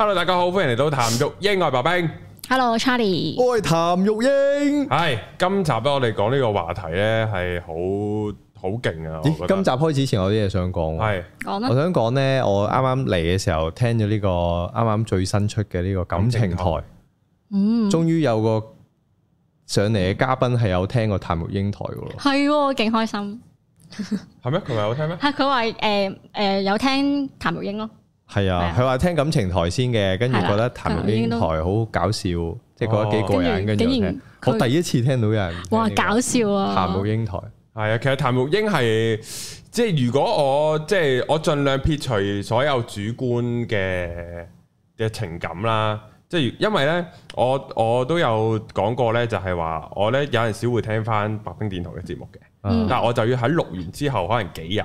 hello，大家好，歡迎嚟到談育鷹愛白兵。hello，Charlie，我係談 Charlie 育鷹。係，今集咧我哋講呢個話題咧係好好勁啊！今集開始前有是我啲嘢想講，係，講啦。我想講咧，我啱啱嚟嘅時候聽咗呢個啱啱最新出嘅呢個感情台，嗯常，終於有個上嚟嘅嘉賓係有聽過談育鷹台嘅咯，係、嗯，勁、嗯、開心，係咩？佢唔係有聽咩？吓， 佢話誒誒有聽談育鷹咯。呃呃呃呃呃呃係啊，佢話的聽感情台先嘅，跟住覺得談育鷹台好搞笑，即係的覺得幾過癮。跟住、哦、我，我第一次聽到有人，哇，這個、搞笑啊！談育鷹台係啊，其實談育鷹係即係如果我即係我盡量撇除所有主觀嘅嘅情感啦，即係因為咧，我我都有講過咧，就係話我咧有陣時會聽翻白兵電台嘅節目嘅，嗯、但係我就要喺錄完之後可能幾日。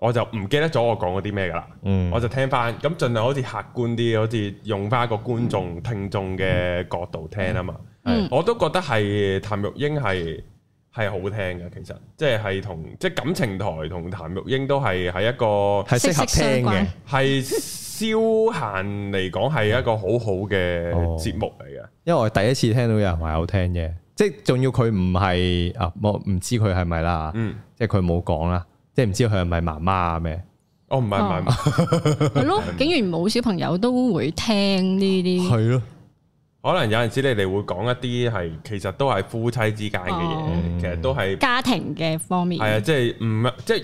我就唔記得咗我講嗰啲咩噶啦，我就聽翻咁，儘量好似客觀啲，好似用翻一個觀眾聽眾嘅角度聽啊嘛。我都覺得係談育鷹係係好聽嘅，其實即係同即係感情台同談育鷹都係喺一個適合聽嘅，係消閒嚟講係一個好好嘅節目嚟嘅。因為我第一次聽到有人話有聽嘅，即係仲要佢唔係啊，我唔知佢係咪啦。嗯，即係佢冇講啦。你唔知佢係咪媽媽啊咩？哦，唔係媽媽，係咯。竟然冇小朋友都會聽呢啲，係咯。可能有陣時你哋會講一啲係，其實都係夫妻之間嘅嘢，其實都係家庭嘅方面。係啊，即係唔係，即係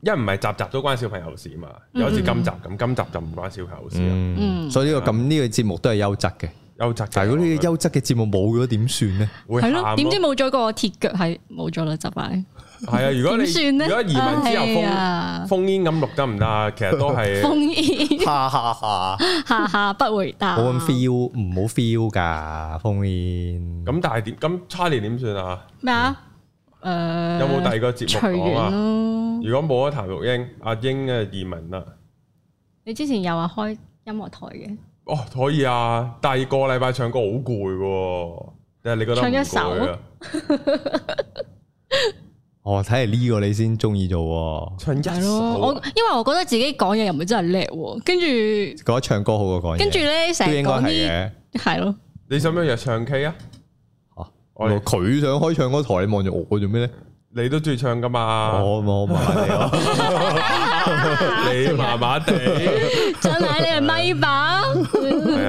因為唔係集集都關小朋友事啊嘛。有次今集咁，今集就唔關小朋友事啊。嗯，所以呢個咁呢個節目都係優質嘅，優質。但係如果呢個優質嘅節目冇咗，點算咧？係咯，點知冇咗個鐵腳係冇咗啦，就拜。係啊， 如果你如果移民之後、啊、封封煙咁錄得唔得？啊？其實都係 封煙煙，下下下下下不回答。冇 feel，唔好 feel 噶封煙。咁但係點？咁差 h a 點算啊？咩啊？誒，有冇第二個節目講啊？如果冇啊，談玉英，阿英嘅移民啊。你之前又話開音樂台嘅。哦，可以啊。第二個禮拜唱歌好攰，但係你覺得唔攰啊？唱一首 哦，睇嚟呢個你先中意做，唱一首、啊。嗯、我因為我覺得自己講嘢又唔係真係叻，跟住覺得唱歌好過講嘢。跟住咧成日講嘅，係咯。了你想唔想約唱 K 啊？哦們，佢、啊、想開唱歌台，你望住我做咩咧？你都中意唱噶嘛？我我麻係啊，你麻麻哋，真係你係咪吧？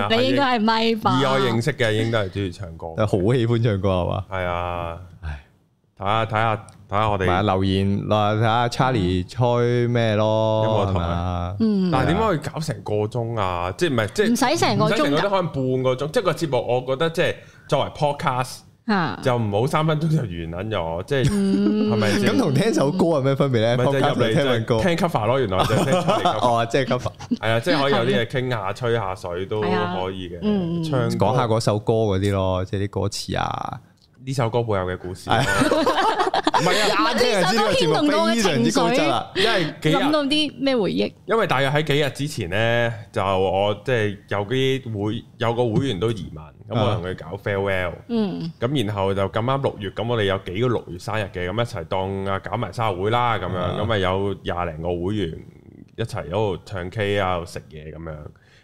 你應該係咪吧？把？以我認識嘅應該係中意唱歌，好喜歡唱歌係嘛？係 啊，唉，睇下睇下。睇下我哋留言，睇下 Charlie 吹咩咯。嗯，但係點解會搞成個鐘啊？即係唔係即係唔使成個鐘，可能半個鐘。即係個節目，我覺得即係作為 podcast，就唔好三分鐘就完捻咗。即係係咪？咁同聽首歌有咩分別咧？即係入嚟聽歌，聽 cover 咯。原來就聽 Charlie 哦，即係 cover。係啊，即係可以有啲嘢傾下，吹下水都可以嘅。唱講下嗰首歌嗰啲咯，即係啲歌詞啊，呢首歌背後嘅故事。唔係啊！啱先啊，呢、啊、個節目非常之高質啦，因為諗到啲咩回憶？因為大約喺幾日之前咧，就我即係、就是、有啲會有個會員都移民，咁 我同佢搞 farewell。嗯，咁然後就咁啱六月，咁我哋有幾個六月生日嘅，咁一齊當啊搞埋生日會啦，咁樣咁咪、嗯、有廿零個會員一齊喺度唱 K 啊，食嘢咁樣。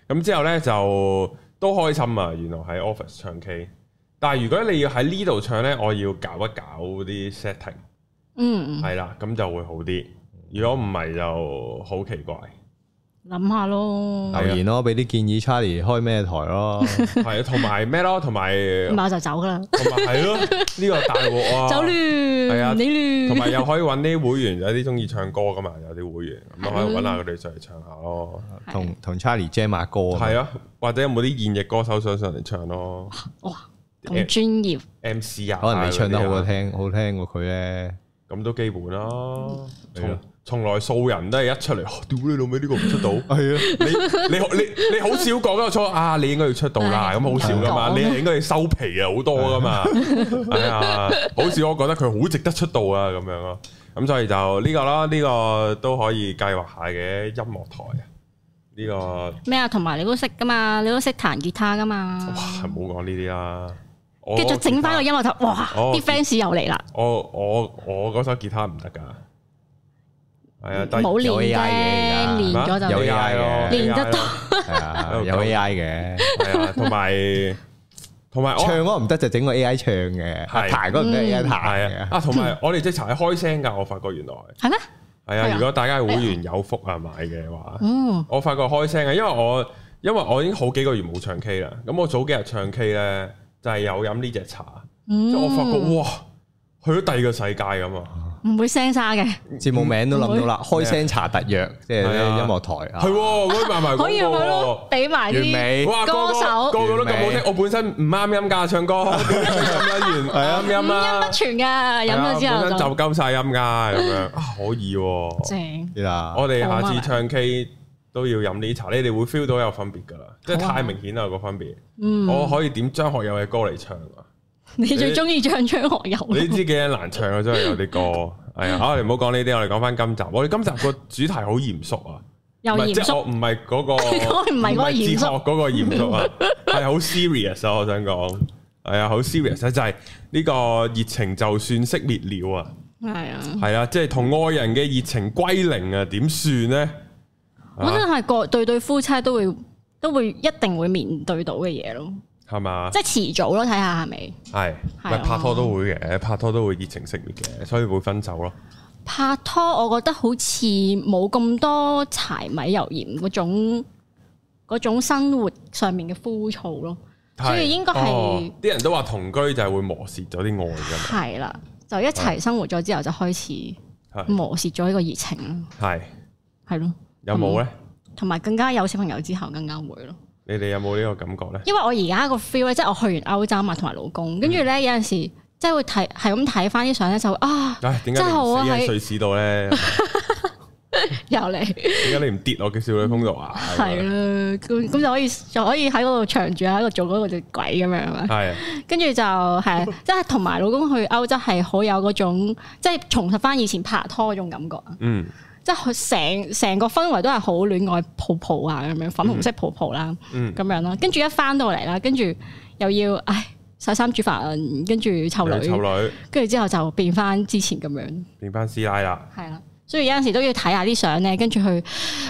咁之後咧就都開心啊！原來喺 office 唱 K，但係如果你要喺呢度唱咧，我要搞一搞啲 setting。嗯，嗯，係啦，咁就會好啲。如果唔係，就好奇怪。諗下咯，留言咯，俾啲建議，Charlie 開咩台咯，係啊，同埋咩咯，同埋咪就走噶啦，係咯，呢個大鑊啊，走亂係啊，你亂，同埋又可以揾啲會員有啲中意唱歌噶嘛，有啲會員咁可以揾下佢哋上嚟唱下咯，同同 Charlie jam 下歌，係啊，或者有冇啲現役歌手想上嚟唱咯，哇，咁專業，MC 啊，可能你唱得好聽，好聽過佢咧。咁都基本啦，從從的來素人都係一出嚟，屌你老味呢個唔出道，係啊的，你你你你好少講錯啊，你應該要出道啦，咁的好少㗎嘛，你係應該要收皮啊，好多㗎嘛，的哎呀，好少我覺得佢好值得出道啊，咁樣咯，咁所以就呢個咯，呢個都可以計劃下嘅音樂台啊，呢個咩啊，同埋你都識㗎嘛，你都識彈吉他㗎嘛，哇，唔好講呢啲啦。繼續整翻個音樂頭，哇！啲 fans 又嚟啦。我我我嗰首吉他唔得噶，係啊，得冇練嘅！練咗就有 AI 咯，練得多，有 AI 嘅，係啊，同埋同埋唱我唔得就整個 AI 唱嘅，一排嗰度都一排，係啊。啊，同埋我哋即係係開聲噶，我發覺原來係咩？係啊，如果大家會員有福啊，買嘅話，嗯，我發覺開聲啊，因為我因為我已經好幾個月冇唱 K 啦，咁我早幾日唱 K 咧。就係有飲呢隻茶，即係我發覺哇，去咗第二個世界咁啊！唔會聲沙嘅節目名都諗到啦，開聲茶特約，即係音樂台。係，嗰埋埋可以去咯，俾埋啲歌手。歌手個個都咁好聽，我本身唔啱音噶，唱歌係啊，音音不全噶，飲咗之後就夠晒音噶咁樣。可以正，我哋下次唱 K。都要飲呢茶咧，你哋會 feel 到有分別噶啦，即係、啊、太明顯啦個分別。嗯，我可以點張學友嘅歌嚟唱啊！你最中意唱張學友嘅？你知幾難唱啊！真係有啲歌，係啊。 啊，你唔好講呢啲，我哋講翻今集。我哋今集個主題好嚴肅啊，又嚴肅，唔係嗰個，唔係嗰個嚴肅，嗰個嚴肅啊，係好 serious 啊！我想講，係啊，好 serious 啊！就係、是、呢個熱情就算熄滅了啊，係啊的，係啊，即係同愛人嘅熱情歸零啊，點算呢？本身得係個對對夫妻都會都會一定會面對到嘅嘢咯，係嘛吧？即係遲早咯，睇下係咪？係是，咪對拍拖都會嘅，拍拖都會熱情熄滅嘅，所以會分手咯。拍拖我覺得好似冇咁多柴米油鹽嗰種嗰種生活上面嘅枯燥咯，是所以應該係啲人都話同居就係會磨蝕咗啲愛噶嘛。係啦，就一齊生活咗之後就開始磨蝕咗呢個熱情啦。係的，係咯的。有冇咧？同埋、嗯、更加有小朋友之後更加會咯。你哋有冇呢個感覺咧？因為我而家個 feel 咧，即係我去完歐洲嘛，同埋老公，跟住咧有陣時即係會睇係咁睇翻啲相咧，就，是、會一一就會啊，即係、啊、我喺瑞士度咧， 又嚟來。點解 你唔跌落嘅少女峰度 啊？係啊，咁咁就可以就可以喺嗰度長住喺度做嗰個隻鬼咁樣啊？係、嗯。就是就是、跟住就係即係同埋老公去歐洲係好有嗰種，即、就、係、是、重拾翻以前拍拖嗰種感覺啊！嗯。即係佢成成個氛圍都係好戀愛泡泡啊咁樣，粉紅色泡泡啦，咁、嗯、樣咯。跟住一翻到嚟啦，跟住又要唉洗衫煮飯，跟住湊女，湊女。跟住之後就變翻之前咁樣，變翻師奶啦。係啦，所以有陣時都要睇下啲相咧，跟住去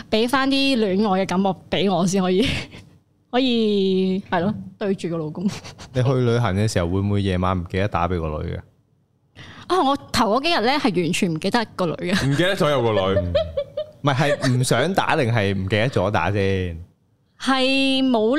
俾翻啲戀愛嘅感覺俾我先可以，可以係咯對住個老公。你去旅行嘅時候 會唔會夜晚唔記得打俾個女嘅？啊！我頭嗰幾日咧係完全唔記得個女啊，唔記得咗有個女，唔係係唔想打定係唔記得咗打先，係冇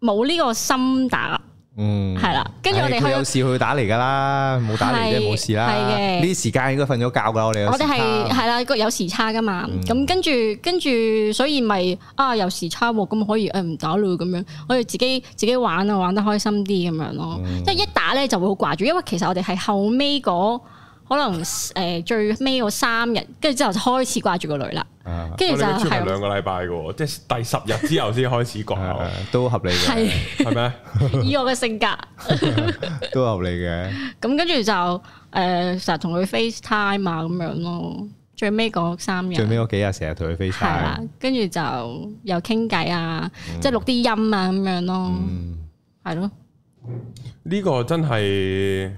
冇呢個心打。嗯，係啦的，跟住我哋係有事去打嚟噶啦，冇打嚟啫，冇是事啦。係嘅的，呢啲時間應該瞓咗覺噶我哋。我哋係係啦，有時差噶嘛。咁、嗯、跟住跟住，所以咪啊有時差，咁可以誒唔打女咁樣，我哋自己自己玩啊，玩得開心啲咁樣咯。即係、嗯、一打咧就會好掛住，因為其實我哋係後尾嗰可能誒最尾嗰三日，跟住之後就開始掛住個女啦。跟住、啊、就係、是、兩個禮拜嘅， 即係第十日之後先開始講、啊，都合理嘅，係係咩？嗎 以我嘅性格、 啊、都合理嘅。咁跟住就誒，成、呃、日同佢 FaceTime 啊，咁樣咯。最尾嗰三日，最尾嗰幾日成日同佢 FaceTime、啊。跟住就又傾偈啊，即係錄啲音啊，咁樣咯。嗯，係咯。呢個真係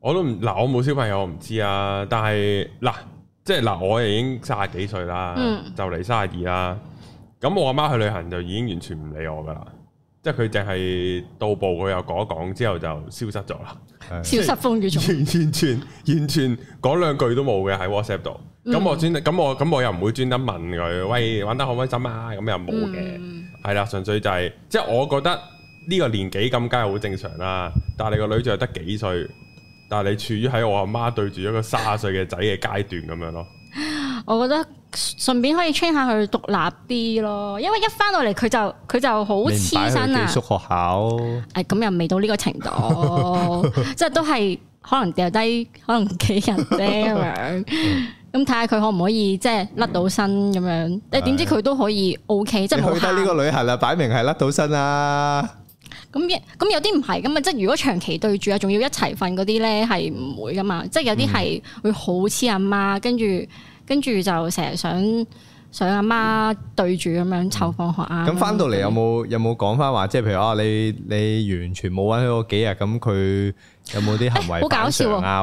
我都唔嗱，我冇小朋友，我唔知啊。但係嗱。即係嗱，我已經三十幾歲啦，就嚟三十二啦。咁我阿媽去旅行就已經完全唔理我噶啦，即係佢淨係到步，佢又講一講之後就消失咗啦，消失風月咗，完全完全兩句都冇嘅喺 WhatsApp 度。咁、嗯、我專咁我咁我又唔會專登問佢喂玩得好開心嘛、啊？咁又冇嘅，係啦、嗯，純粹就係、是、即係我覺得呢個年紀咁梗係好正常啦。但係你個女就係得幾歲？但係你處於喺我阿媽對住一個三歲嘅仔嘅階段咁樣咯， 我覺得順便可以 train 下佢獨立啲咯，因為一翻到嚟佢就佢就好黐身啊。寄宿學校、啊，誒咁、哎、又未到呢個程度， 即係都係可能掉低，可能企人咧咁樣，咁睇下佢可唔 可，可以即係甩到身咁樣？誒點、 嗯、知佢都可以 O、OK, K，的即係去得呢個旅行啦，擺明係甩到身啊！咁咁有啲唔係㗎嘛，即係如果長期對住啊，仲要一齊瞓嗰啲咧，係唔會㗎嘛。即係有啲係會好似阿媽，嗯、跟住跟住就成日想想阿媽，媽對住咁樣湊、嗯、放學啊。咁返、嗯、到嚟有冇有冇講翻話？即係譬如啊，你你完全冇搵佢個幾日，咁佢有冇啲行為好搞笑啊？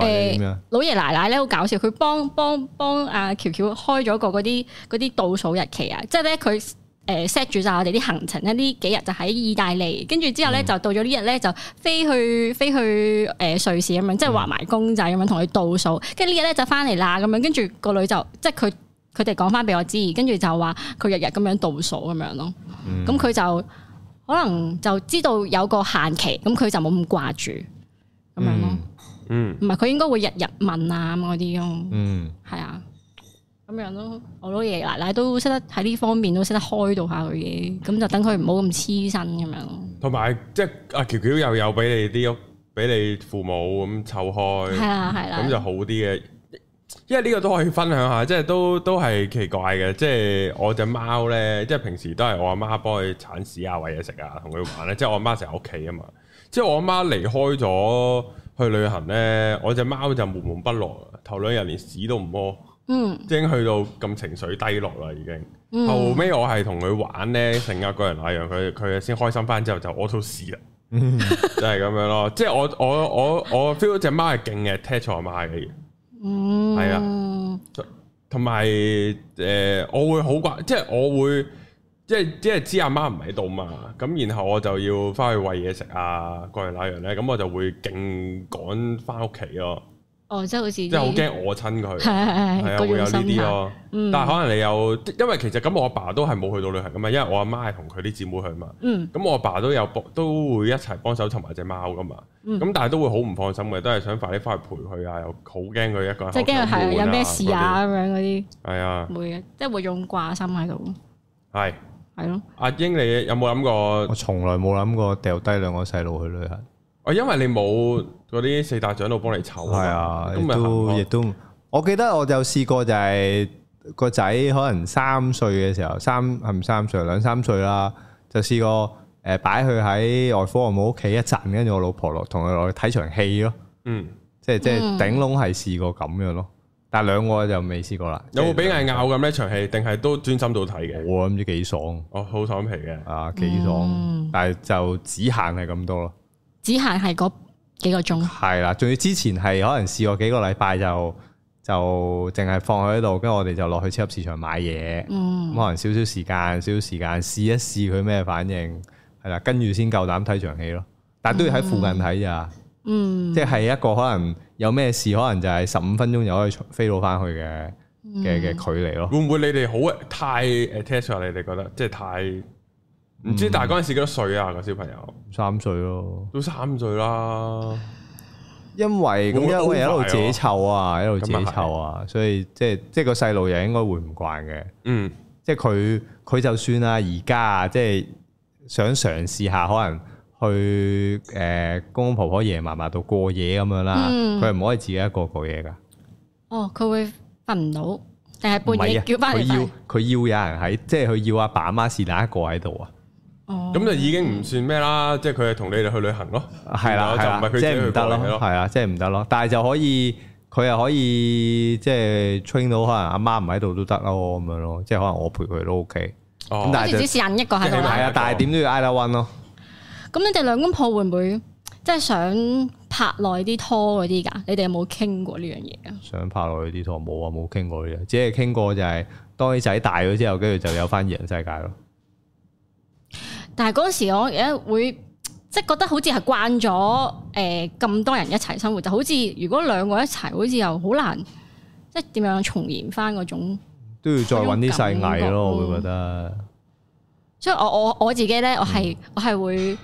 老爺奶奶咧好搞笑，佢、欸、幫幫幫阿、啊、喬，喬喬開咗個嗰啲嗰啲倒數日期啊！即係咧佢。誒 set 住晒我哋啲行程，呢幾日就喺意大利，跟住之後咧就到咗呢日咧就飛去飛去誒、呃、瑞士咁樣，即係畫埋公仔咁樣同佢倒數。跟住呢日咧就翻嚟啦咁樣，跟住個女就即係佢佢哋講翻俾我知，跟住就話佢日日咁樣倒數咁樣咯。咁佢、嗯、就可能就知道有個限期，咁佢就冇咁掛住咁樣咯、嗯。嗯，唔係佢應該會日日問啊嗰啲咯。嗯，係啊、嗯。咁樣咯，我老爺奶奶都識得喺呢方面都識得開導下佢嘅，咁就等佢唔好咁黐身咁樣。同埋即係阿、啊、喬喬又有俾你啲，屋，俾你父母咁湊開，係啊係啦，咁就好啲嘅。因為呢個都可以分享下，即係都都係奇怪嘅。即係我隻貓咧，即係平時都係我阿媽，媽幫佢鏟屎啊、餵嘢食啊、同佢玩咧。 即係我阿媽成日屋企啊嘛。即係我阿媽，媽離開咗去旅行咧，我隻貓就悶悶不樂，頭兩日連屎都唔屙。嗯，已經去到咁情緒低落啦，已經。嗯、後尾我係同佢玩咧，成日過嚟那樣，佢佢先開心翻之後就屙肚屎啦，嗯、就係咁樣咯。 即係我我我我 feel 隻貓係勁嘅聽錯阿媽嘅嘢，係、嗯、啊。同埋誒，我會好怪，即係我會即係即係知阿媽唔喺度嘛。咁然後我就要翻去餵嘢食啊，過嚟那樣咧，咁我就會勁趕翻屋企咯。哦，即係好似即係好驚我親佢，係係係，會有呢啲咯。但係可能你有，因為其實咁我阿爸都係冇去到旅行噶嘛，因為我阿媽係同佢啲姊妹去嘛。咁我阿爸都有都會一齊幫手同埋隻貓噶嘛。咁但係都會好唔放心嘅，都係想快啲翻去陪佢啊！又好驚佢一個人，即係驚佢係有咩事啊咁樣嗰啲。係啊，會嘅，即係會用掛心喺度。係係咯，啊鷹你有冇諗過？我從來冇諗過掉低兩個細路去旅行。哦，因為你冇嗰啲四大長老幫你湊啊，都亦、啊、都。我記得我有試過就係、是、個仔可能三歲嘅時候，三係唔三歲，兩三歲啦，就試過誒擺佢喺外父外母屋企一陣，跟住我老婆落同佢落去睇場戲咯。嗯，即係即係頂籠係試過咁樣咯。但係兩個就未試過啦。有冇俾人咬咁呢場戲？定係都專心到睇嘅？我唔、啊、知幾爽。哦，好爽皮嘅，啊幾爽，但係就只限係咁多咯。只限係嗰幾個鐘，係啦，仲要之前係可能試過幾個禮拜就就淨係放喺度，跟住我哋就落去超級市場買嘢，咁、嗯、可能少少時間少少時間試一試佢咩反應，係啦，跟住先夠膽睇場戲咯。但係都要喺附近睇咋，嗯，即係一個可能有咩事，可能就係十五分鐘就可以飛到翻去嘅嘅嘅距離咯。會唔會你哋好太 attach 你哋覺得即係太。唔知，大係嗰陣時幾多歲啊？個小朋友三歲咯，都三歲啦。因為因為一路自己湊啊，一路自己湊啊，所以即係即係個細路又應該會唔慣嘅。嗯，即係佢佢就算啦，而家即係想嘗試下，可能去誒公公婆婆爺爺嫲嫲度過夜咁樣啦。佢係唔可以自己一個過夜㗎。哦，佢會瞓唔到定係半夜叫翻佢？要佢要有人喺，即係佢要阿爸阿媽是但一個喺度啊？咁、哦、就已經唔算咩啦，即係佢係同你哋去旅行咯，係啦係啦，即係唔得咯，係啊，即係唔得咯。但係就可以，佢又可以即係 train 到，可能阿媽唔喺度都得咯咁樣咯，即、就、係、是、可能我陪佢都 OK。咁、哦、但係只視人一個喺度。係啊，但係點都要 either one 咯。咁你哋兩公婆會唔會即係想拍耐啲拖嗰啲㗎？你哋有冇傾過呢樣嘢啊？想拍耐啲拖，冇啊，冇傾過呢樣，只係傾過就係、是、當啲仔大咗之後，跟住就有翻二人世界咯。 但係嗰時，我而家會即係覺得好似係慣咗誒，咁多人一齊生活，就好似如果兩個一齊，好似又好難，即係點樣重燃翻嗰種都要再搵啲細藝咯，嗯、我會覺得。所以我我我自己咧，我係我係會誒，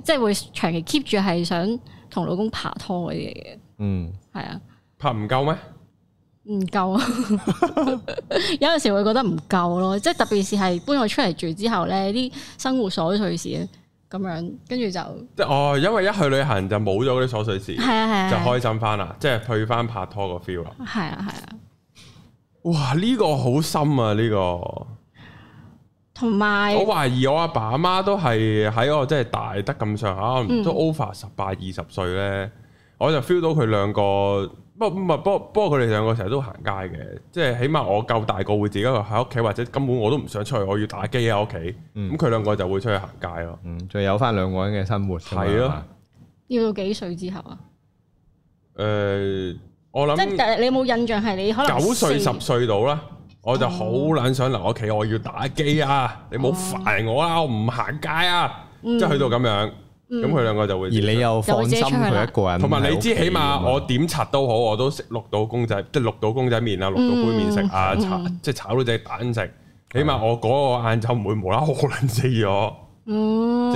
即係、嗯、會長期 keep 住係想同老公拍拖嗰啲嘢。嗯，係啊，拍唔夠咩？.唔夠， 有陣時會覺得唔夠咯，即係特別是係搬咗出嚟住之後咧，啲生活瑣碎事咁樣，跟住就哦，因為一去旅行就冇咗啲瑣碎事，係啊係啊，啊就開心翻啦，啊啊啊、即係退翻拍拖個 feel 啦，係啊係啊，哇、啊！呢、呢個好深啊呢、呢個，同埋有我懷疑我阿爸阿媽都係喺我即係大得咁上下，都、嗯啊、over 十八二十歲咧。我就 feel 到佢兩個，不唔唔，不過不過佢哋兩個成日都行街嘅，即係起碼我夠大個會自己喺屋企，或者根本我都唔想出去。我要打機喺屋企。咁佢、嗯、兩個就會出去行街咯、啊。嗯，仲有翻兩個人嘅生活。係咯、啊。要到幾歲之後啊？誒、呃，我諗即係你有冇印象係你可能九歲十 4, 歲到啦，哦、我就好撚想留喺屋企，我要打機啊！你冇煩我啊，我唔行街啊！即係去到咁樣。嗯咁佢兩個就會，而你又放心佢一個人，同埋你知，起碼我點柒都好，我都食淥到公仔，即係淥到公仔麵啊，淥到杯麪食啊，即係炒到隻蛋食，起碼我嗰個晏晝唔會無啦啦可能死咗。哦，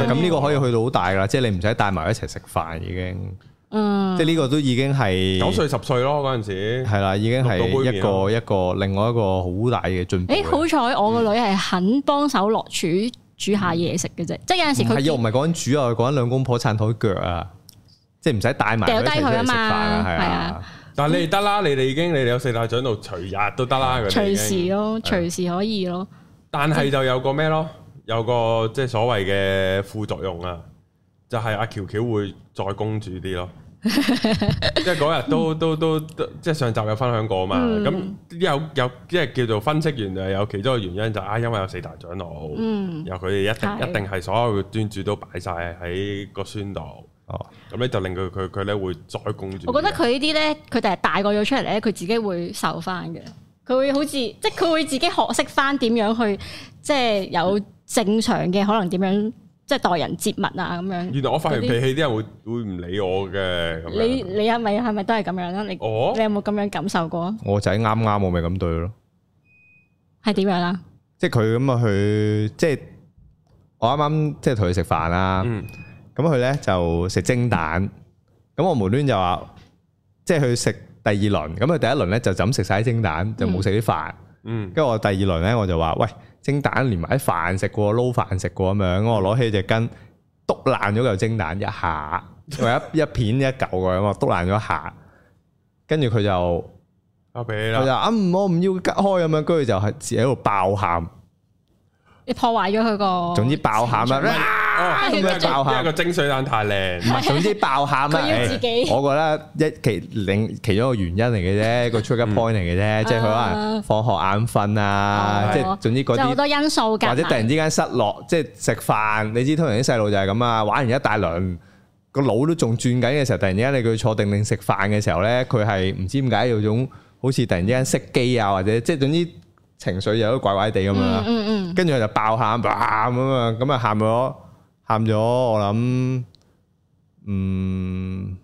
咁呢個可以去到好大噶啦，即係你唔使帶埋一齊食飯已經。嗯，即係呢個都已經係九歲十歲咯嗰陣時，係啦，已經係一個一個另外一個好大嘅進步。誒好彩我個女係肯幫手落廚。煮下嘢食嘅啫，即係有陣時佢係又唔係講緊煮啊，講緊兩公婆撐台腳啊，即係唔使帶埋掉低佢啊嘛，係啊的。但係你哋得啦，你哋已經你哋有四大掌度，隨日都得啦，隨、嗯、時咯、喔，隨的時可以咯。但係就有個咩咯，有個即係所謂嘅副作用、就是、啊，就係阿喬喬會再公主啲咯。 因為即係嗰日都都都即係上集有分享過嘛？咁、嗯、有有即係叫做分析完，有其中嘅原因就是、啊，因為有四大長老，嗯，然後佢哋一定的一定係所有專注都擺晒喺個孫度哦，咁咧、嗯、就令佢佢佢咧會再供住。我覺得佢呢啲咧，佢第日大個咗出嚟咧，佢自己會受翻嘅，佢會好似即係佢會自己學識翻點樣去，即、就、係、是、有正常嘅可能點樣,怎樣、嗯。即係待人接物啊，咁樣。原來我發完脾氣啲人會些會唔理我嘅。你你係咪係咪都係咁樣咧？你、哦、你有冇咁樣感受過？我仔，剛剛我就啱啱我咪咁對咯。係點樣啊？即係佢咁啊，去，即係我啱啱即係同佢食飯啦。咁佢咧就食蒸蛋。咁我無端就話，即係去食第二輪。咁佢第一輪咧就就咁食晒啲蒸蛋，就冇食啲飯。嗯。跟住我第二輪咧，我就話喂。蒸蛋連埋啲飯食過，撈飯食過咁樣，我攞起隻羹篤爛咗嚿蒸蛋一下，仲有一 一片一嚿嘅咁啊，篤爛咗一下，跟住佢就佢就啊唔好，唔要吉開咁樣，跟住就係自喺度爆喊，你破壞咗佢個，總之爆喊啦。哦，咁、啊、爆喊，因個蒸水蛋太靚，唔係總之爆喊啦。佢 要自己、欸，我覺得一其另其中一個原因嚟嘅啫，個 trigger point 嚟嘅啫，即係佢可能放學眼瞓啊，嗯嗯、即係總之嗰啲好多因素㗎。嗯嗯、或者突然之間失落，即係食飯，你知通常啲細路就係咁啊，玩完一大輪，個腦都仲轉緊嘅時候，突然之間你佢坐定定食飯嘅時候咧，佢係唔知點解有種好似突然之間熄機啊，或者即係總之情緒有都怪怪地咁樣。跟住佢就爆喊，哇咁啊，咁啊，喊咗。喊咗，我諗，嗯，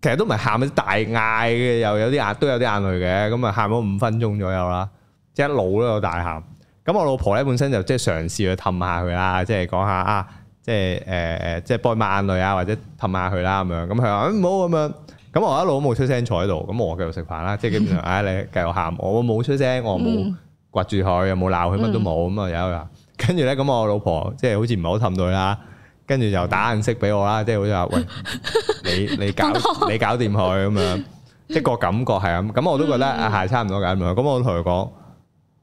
其實都唔係喊啲大嗌嘅，又有啲眼，都有啲眼淚嘅，咁啊喊咗五分鐘左右啦，即係一路咧都大喊。咁我老婆咧本身就即係嘗試去氹下佢啦，即係講下啊，即係誒誒，即係幫抹眼淚啊，或者氹下佢啦咁樣。咁佢話唔好咁樣，咁我一路都冇出聲坐喺度，咁我繼續食飯啦，即係基本上啊，你繼續喊我，我冇出聲，我冇刮住佢，又冇鬧佢，乜都冇咁啊，又又。跟住咧，咁我老婆即係好似唔係好氹到佢啦，跟住就打眼色俾我啦，即係好似話，喂，你你搞你搞掂佢咁樣，即個感覺係咁，咁我都覺得係差唔多搞掂佢，咁我都同佢講，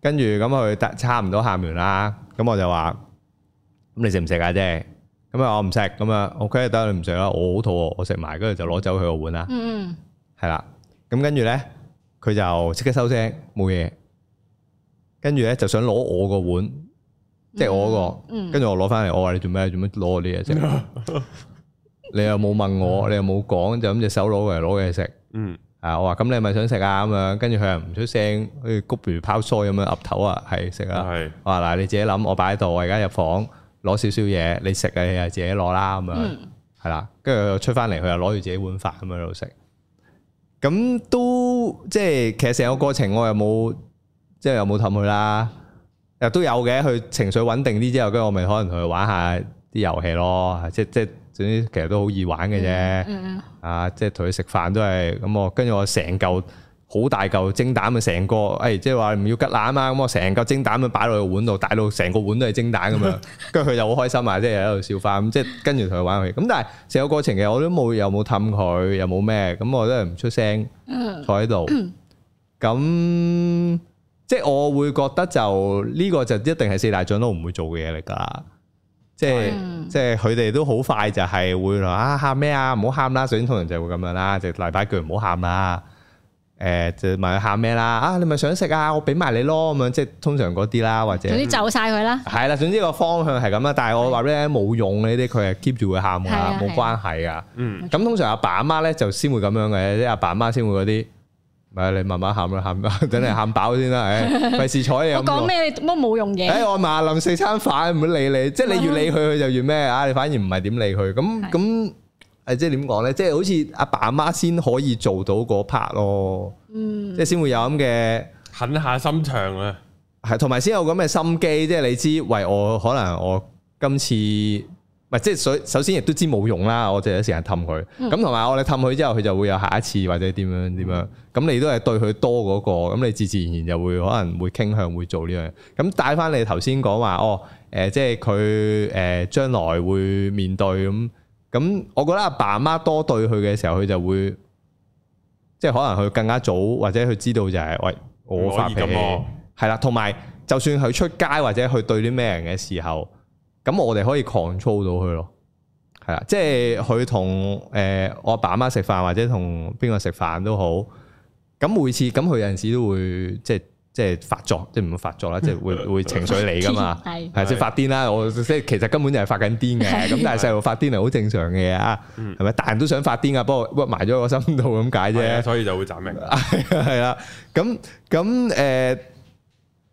跟住咁佢得差唔多喊完啦，咁我就話，咁你食唔食啊？即係，咁啊我唔食，咁啊，ok，得你唔食啦，我好肚餓，我食埋，跟住就攞走佢個碗啦，嗯嗯，係啦，咁跟住咧，佢就即刻收聲冇嘢，跟住咧就想攞我個碗。即係我、個，跟住我攞翻嚟，我話你做咩做咩攞我啲嘢食？ 你又冇問我，你又冇講，就咁隻手攞嚟攞嘢食。嗯，是是啊，我話咁你係咪想食啊？咁樣，跟住佢又唔出聲，好似谷如泡腮咁樣岌頭啊，係食啊。是我話嗱，你自己諗，我擺喺度，我而家入房攞少少嘢，你食嘅嘢自己攞啦。咁樣係啦，跟住、嗯、出翻嚟，佢又攞住自己碗飯咁喺度食。咁都即係其實成個過程我有有，我又冇即係又冇氹佢啦。其實都有嘅，佢情緒穩定啲之後，跟住我咪可能同佢玩下啲遊戲咯，即即總之其實都好易玩嘅啫。啊，即係同佢食飯都係咁我，跟住我成嚿好大嚿蒸蛋咪成個，誒即係話唔要吉蛋啊嘛，咁我成嚿蒸蛋咪擺落去碗度，大到成個碗都係蒸蛋咁樣，跟住佢就好開心啊，即係又喺度笑翻，即係跟住同佢玩遊戲。咁但係成個過程其實我都冇又冇氹佢，又冇咩，咁我都係唔出聲坐喺度，咁。即係我會覺得就呢、這個就一定係四大將都唔會做嘅嘢嚟噶，即係、嗯、即係佢哋都好快就係會話啊，喊咩啊？唔好喊啦！首先通常就會咁樣啦，就例牌句唔好喊啦，誒、呃、就問佢喊咩啦？啊你咪想食啊，我俾埋你咯咁樣，即係通常嗰啲啦，或者總之就走晒佢啦。係啦，總之個方向係咁啦。但係我話俾你冇用呢啲，佢係 keep 住會喊噶，冇的關係噶。的嗯，咁通常阿爸阿媽咧就先會咁樣嘅，啲阿爸阿媽先會嗰啲。咪你慢慢喊啦，喊啦，等你喊飽先啦，費事睬你。咁講咩乜冇用嘢。哎，我阿媽臨四餐飯，唔會理你，即係你越理佢，佢就越咩啊？你反而唔係點理佢，咁咁，誒，即係點講咧？即係好似阿爸阿媽先可以做到嗰 part 咯，嗯，即係先會有咁嘅狠下心腸啊，係，同埋先有咁嘅心機，即係你知喂我，可能我今次。唔係，即係首首先亦都知冇用啦。我哋有時間氹佢，咁同埋我哋氹佢之後，佢就會有下一次或者點樣點樣。咁、嗯、你都係對佢多嗰、那個，咁你自自然然就會可能會傾向會做呢樣。咁帶翻你頭先講話，哦，誒、呃，即係佢誒將來會面對咁。咁我覺得阿爸阿媽多對佢嘅時候，佢就會即係可能佢更加早或者佢知道就係、是、喂我發脾氣，係啦、啊。同埋就算佢出街或者佢對啲咩人嘅時候。咁我哋可以 control 到佢咯，係啊，即係佢同誒我阿爸阿媽食飯或者同邊個食飯都好，咁每次咁佢有陣時都會即係即係發作，即係唔會發作啦，即係會會情緒嚟噶嘛，係即係發癲啦，我即係其實根本就係發緊癲嘅，咁但係細路發癲係好正常嘅啊，係咪？大人都想發癲啊，不過屈埋咗個心度咁解啫，所以就會斬人，係啦，咁咁誒。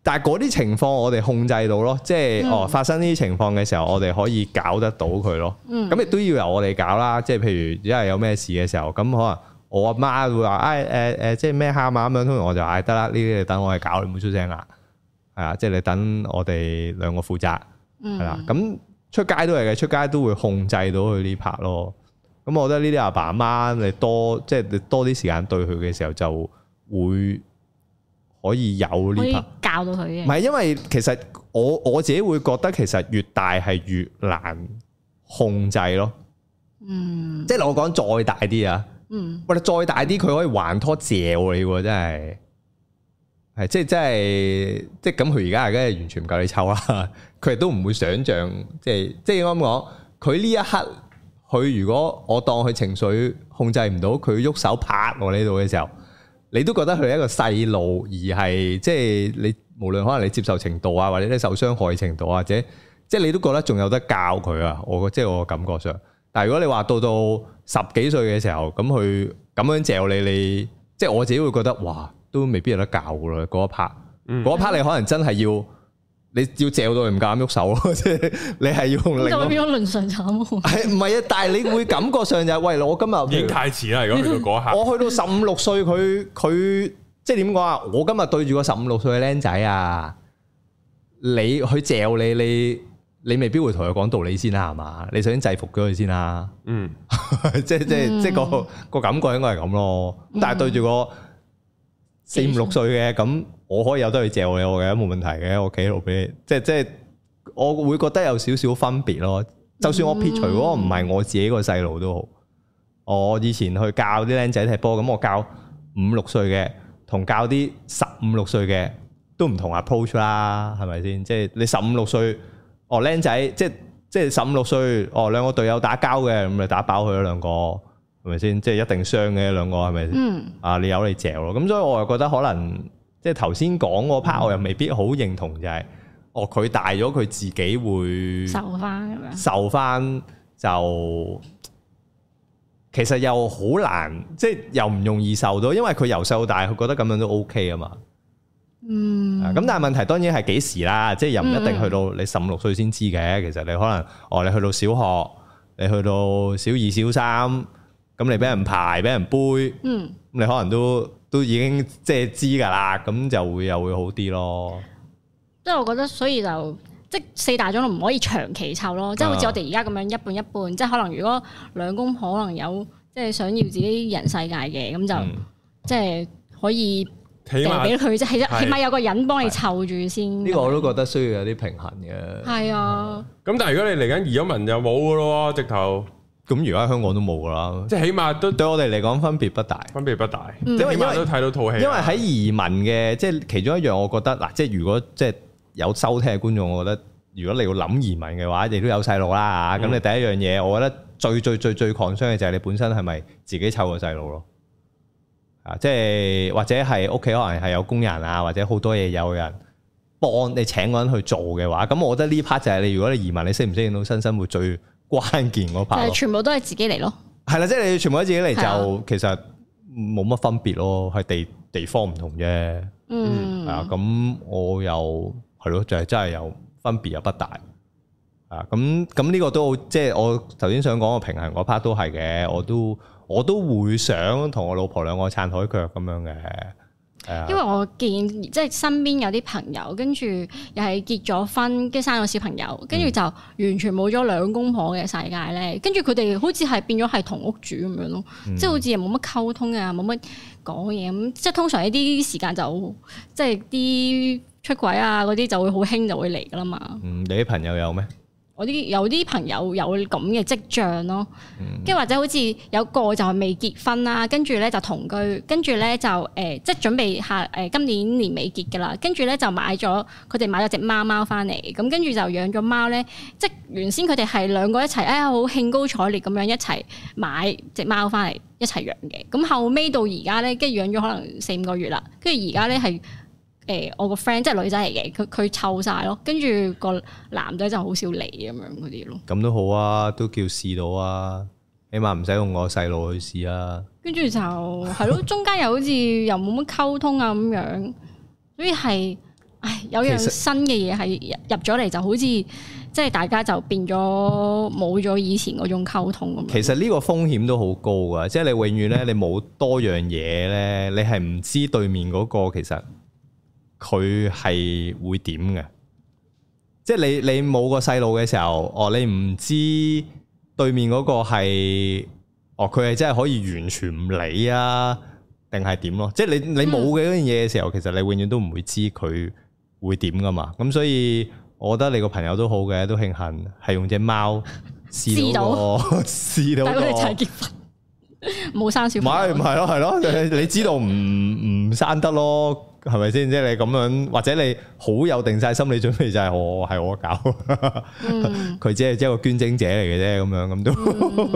但係嗰啲情況我哋控制到咯，即係、嗯、哦發生呢啲情況嘅時候，我哋可以搞得到佢咯。咁亦、嗯、都要由我哋搞啦，即係譬如一係有咩事嘅時候，咁可能我阿媽會話：唉誒誒，即係咩喊啊咁樣，通常我就嗌得啦，呢、哎、啲你等我哋搞，你唔好出聲啦。係啊，即係你等我哋兩個負責係啦。咁、嗯嗯、出街都係嘅，出街都會控制到佢呢 part 咯。咁我覺得呢啲阿爸阿媽，媽你多即係、就是、你多啲時間對佢嘅時候就會。可以有呢？可以教到佢嘅。唔係，因為其實我我自己會覺得，其實越大係越難控制咯。嗯。即係我講再大啲啊。嗯。喂，再大啲佢、嗯、可以還拖掉你喎，真係。係，即係，即係，即係咁。佢而家而家係完全唔夠你抽啦。佢 亦都唔會想象，即係，即係我咁講。佢呢一刻，佢如果我當佢情緒控制唔到，佢喐手拍我呢度嘅時候。你都覺得佢係一個細路，而係即係你無論可能你接受程度啊，或者你受傷害程度，或者即係你都覺得仲有得教佢啊！我即係、即係、我感覺上。但係如果你話到到十幾歲嘅時候，咁佢咁樣嚼你，你即係我自己會覺得哇，都未必有得教噶啦嗰一 part。嗰、嗯、嗰一 part 你可能真係要。你要嚼到唔敢喐手咯，即 係你係要用零。就變咗輪上慘喎。係唔係啊？是是但係你會感覺上就係、是、喂，我今日已經太遲啦。如果去到嗰一刻，我去到十五六歲，佢佢即係點講啊？我今日對住個十五六歲嘅僆仔啊，你去嚼你，你你未必會同佢講道理先啦，係嘛？你首先制服咗佢先啦。嗯 即，即係、嗯、即係即係個個感覺應該係咁咯。但係對住個四五六歲嘅咁。我可以有得佢借我嘅，冇問題嘅，我企喺度俾你，即係即係我會覺得有少少分別咯。就算我撇除嗰個唔係我自己個細路都好，我以前去教啲僆仔踢波，咁我教五六歲嘅，歲教歲同教啲十五六歲嘅都唔同 approach 啦，係咪先？即係你十五六歲，哦僆仔，即係即係十五六歲，哦兩個隊友打交嘅，咁咪打爆佢啦兩個，係咪先？即係一定傷嘅兩個，係咪先？嗯，啊你有你借咯，咁所以我又覺得可能。即係頭先講嗰 part，我又未必好認同，就係，就係、嗯、哦，佢大咗佢自己會受翻咁樣，受翻就其實又好難，即係又唔容易受到，因為佢由細到大佢覺得咁樣都 OK 啊嘛。嗯、啊。咁但係問題當然係幾時啦，即係又唔一定去到你十五六歲先知嘅，其實你可能哦，你去到小學，你去到小二、小三，咁你俾人排、俾人背，嗯，你可能都。嗯都已經即係知噶啦，咁就會又會好啲咯。即係我覺得，所以就即係、就是、四大種都唔可以長期湊咯。即係好似我哋而家咁樣一半一半，即、就、係、是、可能如果兩公婆可能有即係、就是、想要自己人世界嘅，咁就即係、嗯、可以起碼俾佢啫，是起碼有個人幫你湊住先。呢是個我都覺得需要有啲平衡嘅。係是啊、嗯。咁但係如果你嚟緊移咗民，又冇嘅咯，直頭。咁而家香港都冇啦，即係起碼都對我哋嚟講分別不大。分別不大，因為而家都睇到套戲。因為喺移民嘅，即係其中一樣，我覺得嗱，即係如果即係有收聽嘅觀眾，我覺得如果你要諗移民嘅話，亦都有細路啦吓。咁、嗯、你第一樣嘢，我覺得最最最最擴張嘅就係你本身係咪自己湊個細路咯？啊，即係或者係屋企可能係有工人啊，或者好多嘢有人幫你請個人去做嘅話，咁我覺得呢 part 就係你如果你移民，你適唔適應到新生活最關鍵嗰 part，全部都係自己嚟咯。係啦，即係你全部都自己嚟就其實冇乜分別咯，係地地方唔同啫。嗯，啊，咁我又係咯，就係真係有分別又不大。啊，咁咁呢個都即係我頭先想講個平衡嗰 part 都係嘅，我都我都會想同我老婆兩個撐台腳咁樣嘅。因為我見即係身邊有啲朋友，跟住又係結咗婚，跟住生咗小朋友，跟住就完全冇咗兩公婆嘅世界咧。跟住佢哋好似係變咗係同屋主咁樣咯，即係好似又冇乜溝通啊，冇乜講嘢咁。即係通常呢啲時間就即係啲出軌啊嗰啲就，就會好興就會嚟噶啦嘛。嗯，你啲朋友有咩？我啲有啲朋友有咁嘅跡象咯，跟住、嗯、或者好似有個就係未結婚啦，跟住咧就同居，跟住咧就誒、呃、即係準備下誒、呃、今年年尾結㗎啦，跟住咧就買咗佢哋買咗隻貓貓翻嚟，咁跟住就養咗貓咧，即係原先佢哋係兩個一齊，哎呀好興高采烈咁樣一齊買隻貓翻嚟一齊養嘅，咁後尾到而家咧，跟住養咗可能四五個月啦，跟住而家咧係。誒、欸，我個 friend 即係女仔嚟嘅，佢佢湊晒咯，跟住個男仔就好少理咁樣嗰啲咯。咁都好啊，都叫試到啊，起碼唔使用我細路去試啊。跟住就係咯，中間又好似又冇乜溝通啊咁樣， 所以係，唉，有樣新嘅嘢係入咗嚟，就好似即係大家就變咗冇咗以前嗰種溝通咁。其實呢個風險都好高噶，即係你永遠咧，你冇多樣嘢咧，你係唔知對面嗰個其實。佢係會點嘅？即係你你冇個細路嘅時候，哦，你唔知對面嗰個係哦，佢係真係可以完全唔理啊，定係點咯？即係你你冇嘅嗰樣嘢嘅時候，嗯、其實你永遠都唔會知佢會點噶嘛。咁所以我覺得你個朋友都好嘅，都慶幸係用隻貓試到，試到道。 但係我哋一齊結婚，冇生小。唔係唔係咯，係咯，你知道唔唔生得咯？ 係咪先？即係、就是、你咁樣，或者你好有定晒心理準備、就是、就、哦、係我係我搞，佢、嗯、只係只一個捐精者嚟嘅啫。咁樣咁都、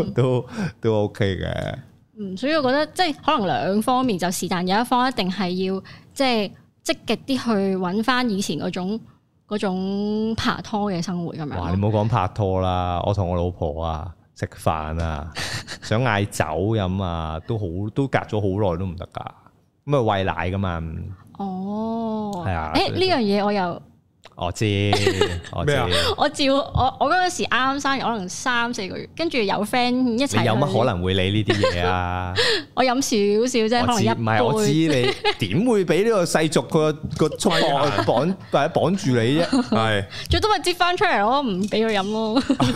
嗯、都都 OK 嘅。嗯，所以我覺得即係、就是、可能兩方面就是，但有一方一定係要即係積極啲去揾翻以前嗰種嗰種拍拖嘅生活咁樣。哇！你唔好講拍拖啦，我同我老婆啊食飯啊， 想嗌酒飲啊，都好都隔咗好耐都唔得噶。咁啊喂奶噶嘛。哦，係啊！誒，呢樣嘢我又我知，我知，我照我我嗰陣時啱生可能三四個月，跟住有 friend 一齊，有乜可能會理呢啲嘢啊？我飲少少啫，可能一唔係我知你點會俾呢個世俗個個錯綁或者綁住你啫？係最多咪接翻出嚟咯，唔俾佢飲咯，我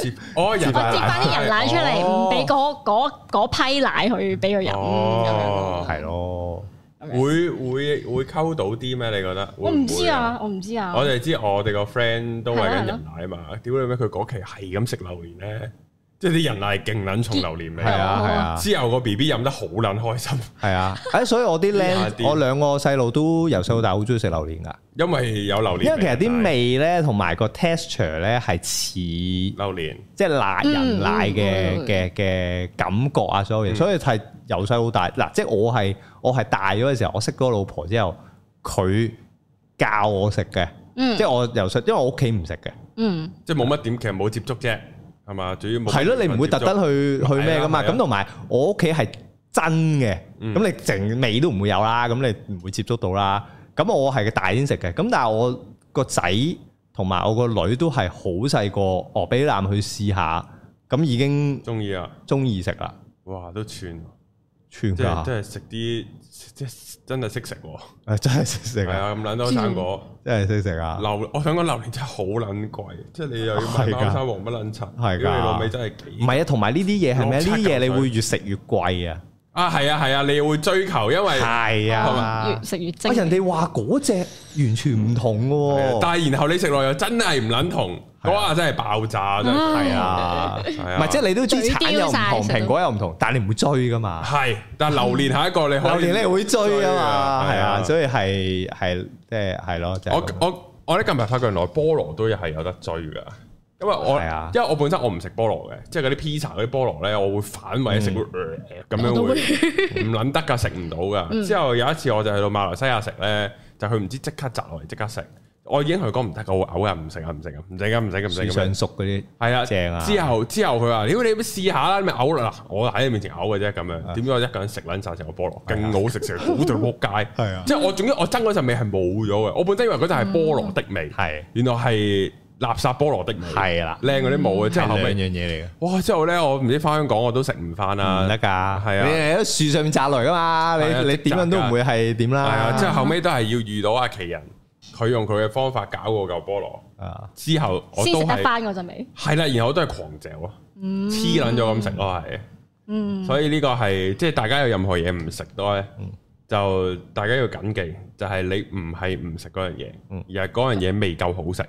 接我接翻啲人奶出嚟，唔俾嗰嗰批奶去俾佢飲，咁樣咯，係咯。Okay. 會會會溝到啲咩？ 你覺得會會，我唔知啊，我唔知啊。我哋知我哋個 friend 都餵緊人奶啊嘛，屌你咩？佢嗰期係咁食榴蓮咧。即係啲人奶係勁捻重榴蓮味，係啊係啊。啊之後個 B B 飲得好捻開心，係啊。誒，所以我啲兩 我兩個細路都由細到大好中意食榴蓮噶，因為有榴蓮。因為其實啲味咧同埋個 texture 咧係似榴蓮，即係辣人奶嘅嘅嘅感覺啊，所有嘢。所以係由細到大嗱，嗯、即係我係我係大咗嘅時候，我識嗰個老婆之後，佢教我食嘅，嗯、即係我由細，因為我屋企唔食嘅，嗯，嗯即係冇乜點，其實冇接觸啫。係嘛？主要冇。係咯，你唔會特登去、啊、去咩噶嘛？咁同埋我屋企係真嘅，咁、啊、你整味都唔會有啦，咁你唔會接觸到啦。咁我係個大啲食嘅，咁但係我個仔同埋我個女都係好細個，哦，俾男去試下，咁已經中意啊，中意食啦。哇，都串。全係即係食啲即真係識食喎，誒真係識食啊！咁撚、啊啊啊、多生果，真係識食啊！榴，我想講榴蓮真係好撚貴，即係你又要買貓山王不撚柒，如果你老味真係幾唔係啊！同埋呢啲嘢係咩？呢啲嘢你會越食越貴啊！啊，係啊，係啊，你會追求，因為係啊，越食越精啊，人哋話嗰隻完全唔同嘅，但係然後你食落又真係唔撚同，嗰下真係爆炸，真係啊！唔係，即係你都知橙又唔同，蘋果又唔同，但係你唔會追噶嘛？係，但榴蓮下一個你榴蓮你會追啊嘛？係啊，所以係係即係係咯。我我我咧近排發覺原來菠蘿都係有得追噶。因為我，因為我本身我唔食菠蘿嘅，即係嗰啲披薩嗰啲菠蘿咧，我會反胃食，咁樣會唔撚得噶，食唔到噶。之後有一次我就去到馬來西亞食咧，就佢唔知即刻摘落嚟即刻食。我已經同佢講唔得，我會嘔啊，唔食啊，唔食啊，唔使咁，唔使咁。樹上熟嗰啲，係啊正啊。之後之後佢話，屌你，你試下啦，你咪嘔啦。我喺你面前嘔嘅啫，咁樣點知我一個人食撚曬成個菠蘿，勁好食成，好對撲街。係啊，即係我總之我憎嗰陣味係冇咗嘅。我本身以為嗰陣係菠蘿的味，係，原來係。垃圾菠蘿的味係啦，靚嗰啲冇啊，即係後尾兩樣嘢嚟嘅。哇！之後咧，我唔知翻香港我都食唔翻啦，唔得噶，係啊。你係喺樹上面摘來噶嘛？你你點樣都唔會係點啦。係啊，即係後尾都係要遇到阿奇人，佢用佢嘅方法搞個舊菠蘿啊。之後我都食得翻嗰陣味。係啦，然後我都係狂嚼啊，黐捻咗咁食咯，係。嗯。所以呢個係即係大家有任何嘢唔食多咧，就大家要謹記，就係你唔係唔食嗰樣嘢，而係嗰樣嘢未夠好食。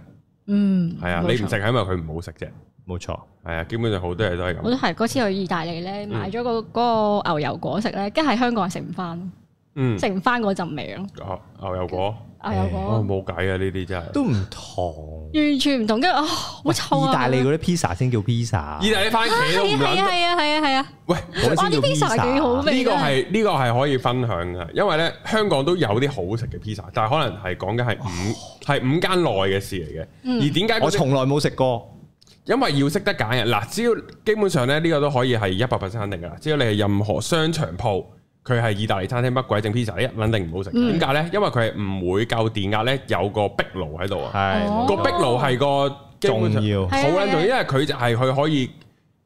嗯，係啊的，錯你唔食係因為佢唔好食啫，冇錯，係啊，基本上好多嘢都係咁。我都係嗰次去意大利咧，買咗個嗰個牛油果食咧，跟係、嗯、香港係食唔翻。嗯，剩返嗰陣味咯。牛油果，牛油果，冇計啊！呢啲真係都唔同，完全唔同，跟住啊，好臭啊！意大利嗰啲披薩先叫披薩，意大利番茄都係啊係啊係啊係啊！喂，我啲披薩幾好味。呢個係呢個係可以分享噶，因為咧香港都有啲好食嘅披薩，但係可能係講緊係五係五間內嘅事嚟嘅。而點解我從來冇食過？因為要識得揀嘅嗱，只要基本上咧呢個都可以係一百 percent 肯定噶啦。只要你係任何商場鋪。佢係意大利餐廳乜鬼整披 i z z 一定唔好食？點解、嗯、呢？因為佢係唔會夠電壓呢有個壁爐喺度啊！係是、哦、個壁爐係個重要，好撚重要，的因為佢就係、是、佢可以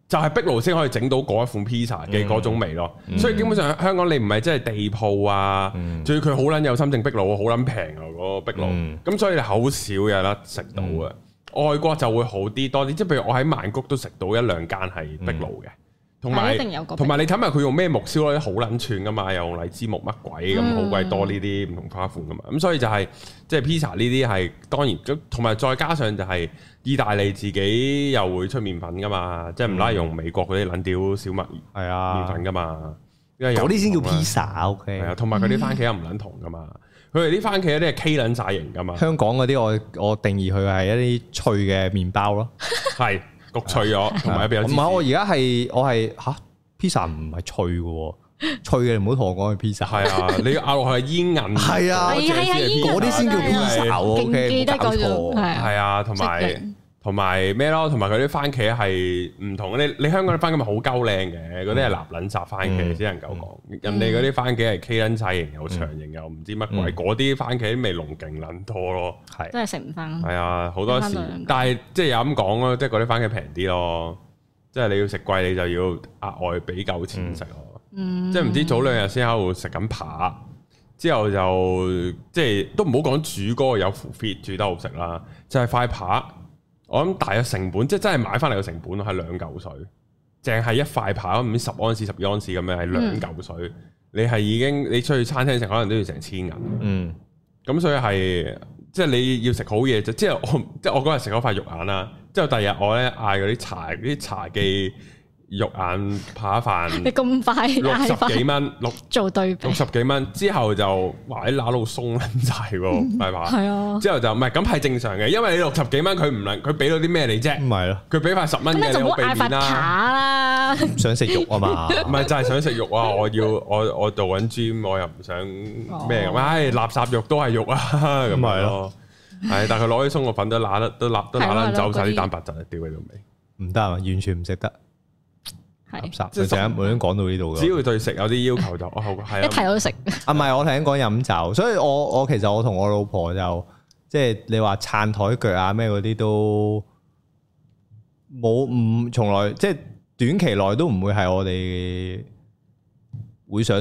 就係、是、壁爐先可以整到嗰一款披 i 嘅嗰種味咯。嗯、所以基本上香港你唔係真係地鋪啊，仲要佢好撚有深圳壁爐，好撚平啊嗰、那個壁爐。咁、嗯、所以你好少有得食到嘅，嗯、外國就會好啲多啲。即係譬如我喺曼谷都食到一兩間係壁爐嘅。嗯同埋，同埋你睇埋佢用咩木燒咧，好撚串噶嘛，又用荔枝木乜鬼咁，好鬼、嗯嗯、多呢啲唔同花款噶嘛，咁所以就係、是、即係 pizza 呢啲係當然同埋再加上就係意大利自己又會出麵粉噶嘛，即係唔拉用美國嗰啲撚屌小麥係啊麵粉噶嘛，嗯、因為有啲先叫 pizza OK 係啊，同埋佢啲番茄又唔撚同噶嘛，佢哋啲番茄咧係 K 撚曬型噶嘛，香港嗰啲我我定義佢係一啲脆嘅麵包咯，係。 焗脆咗，同埋有唔係我而家係我係吓，pizza 唔係脆嘅，脆嘅唔好同我講係 pizza。係啊，你咬落去係煙韌。係啊，我哋係煙韌。嗰啲先叫 pizza，O K。冇搞錯係啊，同埋。同埋咩咯？同埋佢啲番茄係唔同嘅。你你香港啲番茄咪好鳩靚嘅，嗰啲係臘撚雜番茄，只能夠講、嗯、人哋嗰啲番茄係 K N 細型又長型又唔知乜鬼嗰啲番茄，味濃勁撚多咯。係真係食唔翻。係啊，好多時，但係即係有咁講咯，即係嗰啲番茄平啲咯。即係你要食貴，你就要額外俾夠錢食咯。嗯、即係唔知早兩日先喺度食緊扒，之後就即係都唔好講煮嗰有 fit 煮得好食啦，就係、是、塊扒。我諗大約成本，即係真係買翻嚟嘅成本咯，係兩嚿水，淨係一塊扒，唔知十安士十安士咁樣，係兩嚿水。嗯、你係已經你出去餐廳食，可能都要成千銀。嗯，咁所以係即係你要食好嘢就即係我即係我嗰日食嗰塊肉眼啦，之後第二日我咧嗌嗰啲茶嗰啲茶記。嗯肉眼扒飯，你咁快六十幾蚊六做對比六十幾蚊之後就哇啲乸佬鬆捻晒喎，係嘛？係啊，之後就唔係咁係正常嘅，因為你六十幾蚊佢唔能佢俾到啲咩你啫，唔係咯？佢俾塊十蚊嘅好冇嗌塊扒啦。唔想食肉啊嘛？唔係就係想食肉啊！我要我我做緊 gym，我又唔想咩咁。唉，垃圾肉都係肉啊，咁咪咯。係，但係佢攞起鬆個粉都乸得都乸都乸捻走晒啲蛋白質，掉喺度未？唔得啊，完全唔食得。即係成日每樣講到呢度嘅，只要對食有啲要求就， 是一齊都食。啊， 唔係我聽講飲酒，所以我我其實我同我老婆就，即、就、係、是、你話撐台腳啊咩嗰啲都冇，唔從來即係、就是、短期內都唔會係我哋會想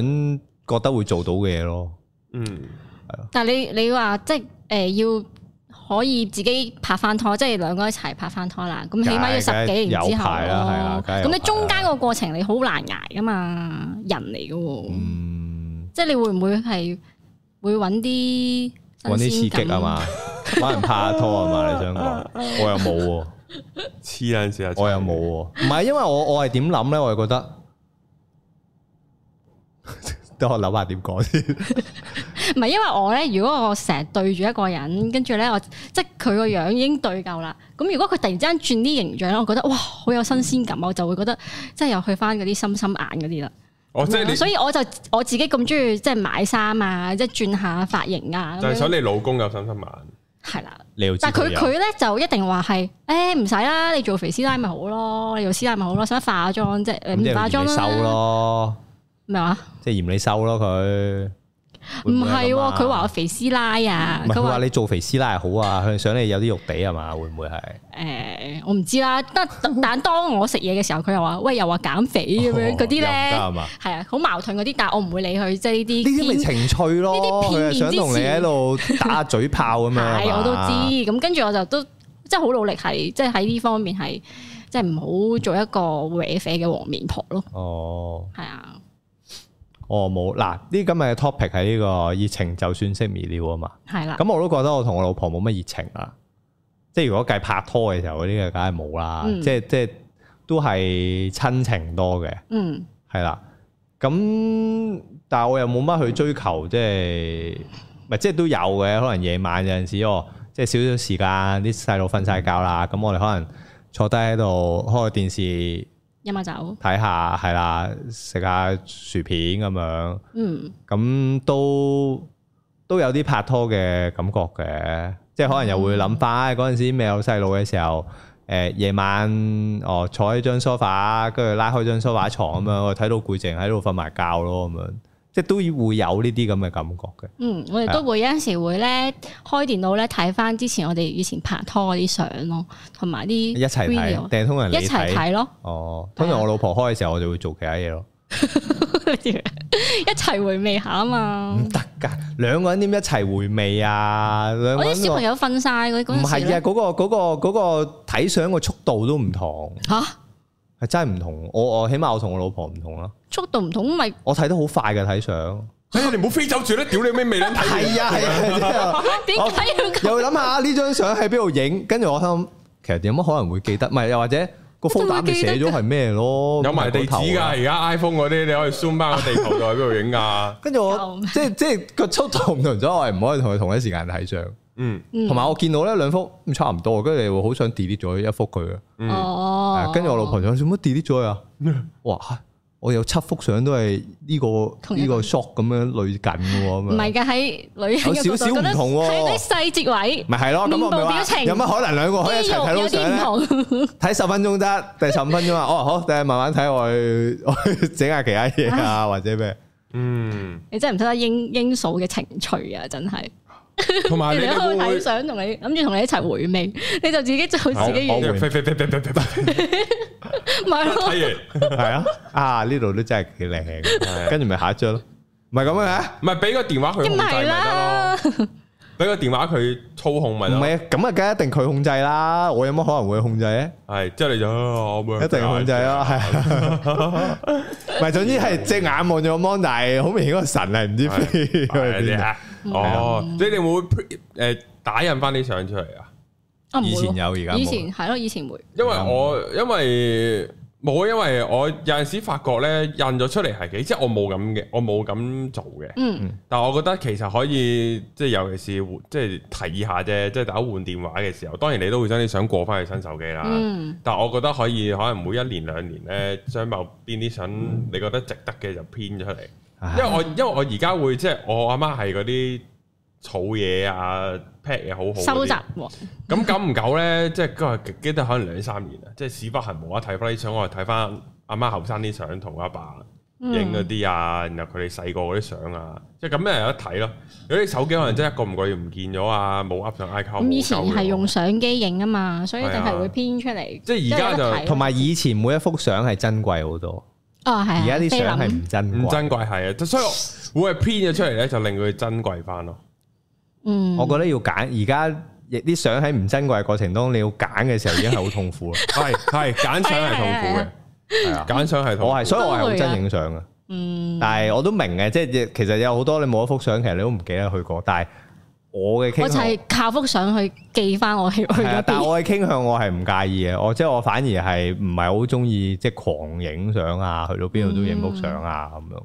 覺得會做到嘅嘢咯。嗯、啊，係咯。但係你你話即係誒、呃、要。可以自己拍翻拖，即係兩個一齊拍翻拖啦。咁起碼要十幾年之後咯。咁你中間個過程你好難捱噶嘛，人嚟噶喎。即係你會唔會係會揾啲啲刺激啊嘛？揾人拍下拖啊嘛？你想講，我又冇喎，黐撚線啊，我又冇喎。唔係因為我我係點諗咧？我係覺得等我諗下點講先。唔係，因為我咧，如果我成日對住一個人，跟住咧我即係佢個樣已經對夠啦。咁如果佢突然之間轉啲形象，我覺得哇，好有新鮮感，我就會覺得即係又去翻嗰啲心心眼嗰啲啦。我即係所以我就我自己咁中意即係買衫啊，即係轉下髮型啊。就係想你老公有心心眼的。係啦，但佢佢咧就一定話係，誒唔使啦，你做肥師奶咪好咯，你做師奶咪好咯，想化妝啫？唔化妝咯。收咯咩話？即係嫌你收咯佢麼。唔係，佢話、啊、我肥師奶啊，佢話說你做肥師奶好啊，佢想你有啲肉地啊嘛？會唔會係？誒、呃，我唔知啦。但但當我食嘢嘅時候，佢又話喂，又話減肥咁樣嗰啲咧，係啊，好矛盾嗰啲。但係我唔會理佢，即係呢啲呢啲咪情趣咯。呢啲片面之詞想同你喺度打嘴炮咁、啊、樣，係 我都知。咁跟住我就都即係好努力，係即係喺呢方面係，即係唔好做一個歪肥嘅黃面婆咯。嗯、哦，係啊。哦，冇嗱，啲今日嘅 topic 係呢個熱情就算熄滅了啊嘛，係啦的。咁我都覺得我同我老婆冇乜熱情啊，即係如果計拍拖嘅時候嗰啲嘅，梗係冇啦。嗯、即係即係都係親情多嘅，嗯，係啦。咁但係我又冇乜去追求，即係唔係即係都有嘅。可能夜晚有陣時哦，即係少少時間，啲細路瞓晒覺啦，咁我哋可能坐低喺度開個電視。飲下酒，睇下係啦，食下薯片咁樣，咁、嗯、都都有啲拍拖嘅感覺嘅，即係可能又會諗翻嗰陣時未有細路嘅時候，誒、呃、夜晚我、哦、坐喺張梳化跟住拉開張梳化床咁樣，我睇、嗯、到攰靜喺度瞓埋覺咯咁樣。即係都會有呢啲咁嘅感覺嘅。嗯，我哋都會有陣時會咧開電腦咧睇翻之前我哋以前拍拖嗰啲相咯，同埋啲一齊睇，定通人一齊睇咯。哦，通常我老婆開嘅時候，我就會做其他嘢咯。 一齊回味下啊嘛！唔得㗎，兩個人點一齊回味啊？個我啲小朋友瞓晒嗰啲，唔係啊！嗰個嗰個，嗰個睇相嘅速度都唔同。吓、啊，係真係唔同。我我起碼我同我老婆唔同啦。速度唔同，咪我睇得好快嘅，睇相，欸，你唔好飛走住咧，屌你咩味？係啊 ，係啊，點解要又諗下呢張相喺邊度影？跟住我諗，其實有乜可能會記得？唔係又或者個副你寫咗係咩咯？有埋地址噶，而家 iPhone 嗰啲，你可以 show 埋個地圖，就喺邊度影啊？跟住我即係即係個速度唔同咗，我係唔可以同佢同一時間睇相。嗯，同埋我見到呢兩幅差唔多，跟住你會好想 delete 咗一幅佢。哦，跟住我老婆想做乜 delete 咗啊？哇！我有七幅相都係呢、這個呢個 shot 咁樣類近嘅喎，唔係嘅喺旅行有少少唔同喎，喺啲細節位，咪係咯，面部表情有乜可能兩個可以一齊睇到相咧？睇十分鐘得定十五分鐘啊？哦， oh, 好，第日慢慢睇，我去我去整下其他嘢啊，唉或者咩？嗯，你真係唔識得英英數嘅情趣啊，真係。同埋你去睇相，同你諗住同你一齊回味，你就自己做自己完。唔係咯，係啊，啊呢度都真係幾靚，跟住咪下一張咯，唔係咁嘅咩？唔係俾個電話佢控制咪得咯，俾個電話佢操控咪得？唔係咁啊，梗係一定佢控制啦，我有乜可能會控制？係，即係你就一定控制咯，係。唔係，總之係隻眼望住個 mon 但係，好明顯個神係唔知飛去邊啊。哦，即、嗯、你哋會誒打印翻啲相出嚟啊？以前有，而家以前係咯，以前會。因為我、嗯、因為冇，因為我有陣時發覺咧，印咗出嚟係幾即係我冇咁嘅，我冇咁做嘅。嗯，但係我覺得其實可以，即係尤其是即係提議下啫，即係大家換電話嘅時候，當然你都會將啲相過翻去新手機啦。嗯、但係我覺得可以，可能每一年兩年咧，將某邊啲相你覺得值得嘅就印咗出嚟。因為我因為我而家會，即係我阿媽係嗰啲儲嘢啊 pack 嘢好好。收集。咁久唔久咧，即係都係記得，可能兩三年啊，即係屎忽痕冇得睇翻啲相，我係睇翻阿媽後生啲相，同阿爸影嗰啲啊，然後佢哋細個嗰啲相啊，即係咁樣有得睇咯。有啲手機可能真係一個唔覺意唔見咗啊，冇 up 上 icon。Alf, 嗯、以前係用相機影啊嘛，所以淨係會編出嚟。即係而家就同埋以前每一幅相係珍貴好多。哦，而家啲相係唔珍唔珍貴係啊，所以我會編咗出嚟咧，就令佢珍貴翻咯。嗯，我覺得要揀，而家啲相喺唔珍貴嘅過程中，你要揀嘅時候已經係好痛苦咯。係，係揀相係痛苦嘅，係啊，揀相係痛苦，我係，所以我係好憎影相嘅。嗯，但係我都明嘅，即係其實有好多你冇一幅相，其實你都唔記得去過，但係。我嘅我就係靠幅相去記翻我去咗邊、啊、但係我嘅傾向，我係唔介意嘅。我即係我反而係唔係好中意即係狂影相啊，去到邊度都影幅相啊咁樣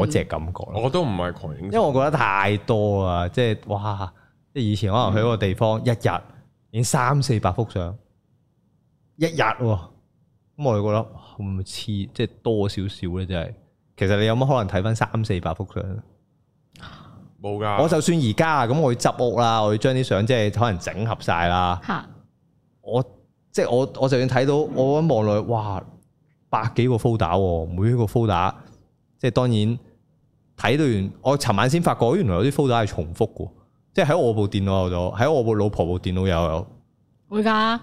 嗰隻感覺。我都唔係狂影，因為我覺得太多啊！即係、嗯、哇，即係以前可能去一個地方一日影三四百幅相，一日咁、啊、我哋覺得唔似即係多少少咧，即係其實你有冇可能睇翻三四百幅相？冇噶，我就算而家咁，我要執屋啦，我要將啲相即係可能整合晒啦。啊、我即係我，我就算睇到，我一望落去，哇，百幾個 folder，每一個 folder，即係當然睇到完，我尋晚先發覺，原來有啲 folder 係重複嘅，即係喺我部電腦有咗，喺我部老婆部電腦又有。會噶，係啊，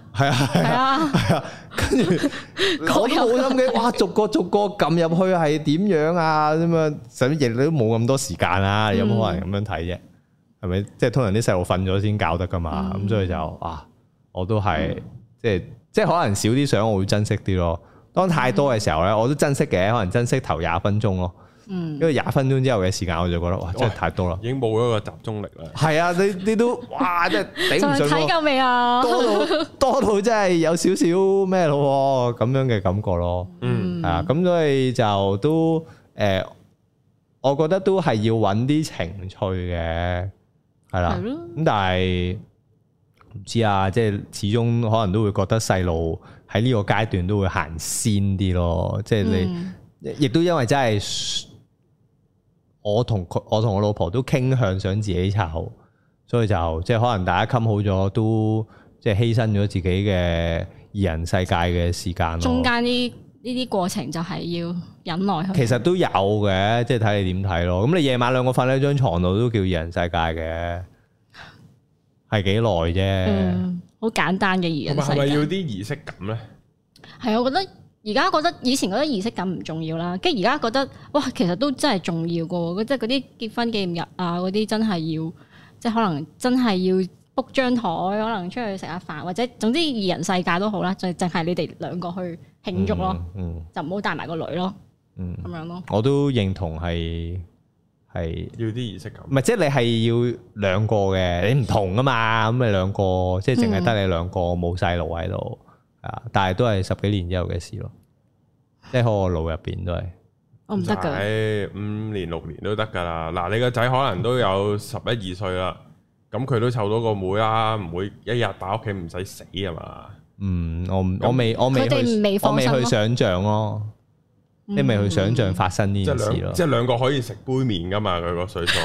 係啊，係啊，跟住 後 就我都冇心機， 哇，逐個逐個撳入去係點樣啊？咁樣，使乜嘢你都冇咁多時間啊，有冇可能咁樣睇啫、啊？係咪、嗯？即係、就是、通常啲細路瞓咗先搞得噶嘛？咁、嗯、所以就啊，我都係、嗯、即係即係可能少啲相我會珍惜啲咯。當太多嘅時候咧，嗯、我都珍惜嘅，可能珍惜頭廿分鐘咯。嗯，因為廿分鐘之後嘅時間我就覺得哇，真係太多啦，已經冇咗個集中力啦。係啊，你你都 哇，真係頂唔順咯。睇夠未啊？多到多到真係有少少咩咯咁樣嘅感覺咯。嗯，係啊，咁所以就都誒、呃，我覺得都係要揾啲情趣嘅，係啦、啊。咁的但係唔知啊，即係始終可能都會覺得細路喺呢個階段都會行先啲咯。即係你亦都、嗯、因為真係。我同佢，我同我老婆都傾向想自己湊，所以就即係可能大家冚好咗，都即係犧牲咗自己嘅二人世界嘅時間。中間呢呢啲過程就係要忍耐。其實都有嘅，即係睇你點睇咯。咁你夜晚兩個瞓喺張床度都叫二人世界嘅，係幾耐啫？嗯，好簡單嘅二人世界。係咪要啲儀式感呢？係，我覺得。而家覺得以前嗰啲儀式感唔重要啦，跟而家覺得哇，其實都真係重要噶，即係嗰啲結婚紀念日啊，嗰啲真係要，即係可能真係要 book 張台，可能出去食下飯，或者總之二人世界都好啦，就淨係你哋兩個去慶祝咯，就唔好帶埋個女咯，咁樣咯。我都認同係係要啲儀式感，唔係即係你係要兩個嘅，你唔同啊嘛，咁你兩個即係淨係得你兩個冇細路喺度。但係都係十幾年之後嘅事咯，即係喺我腦入邊都係。我唔得噶，五年六年都得噶啦。嗱，你個仔可能都有十一二歲啦，咁佢都湊到個妹啊，唔會一日打屋企唔使死啊嘛。嗯，我我未那，我未，我未去，佢哋未放啊，我未去想象咯，啊。你咪去想象發生呢件事咯，即係兩個可以食杯麵噶嘛？佢個水數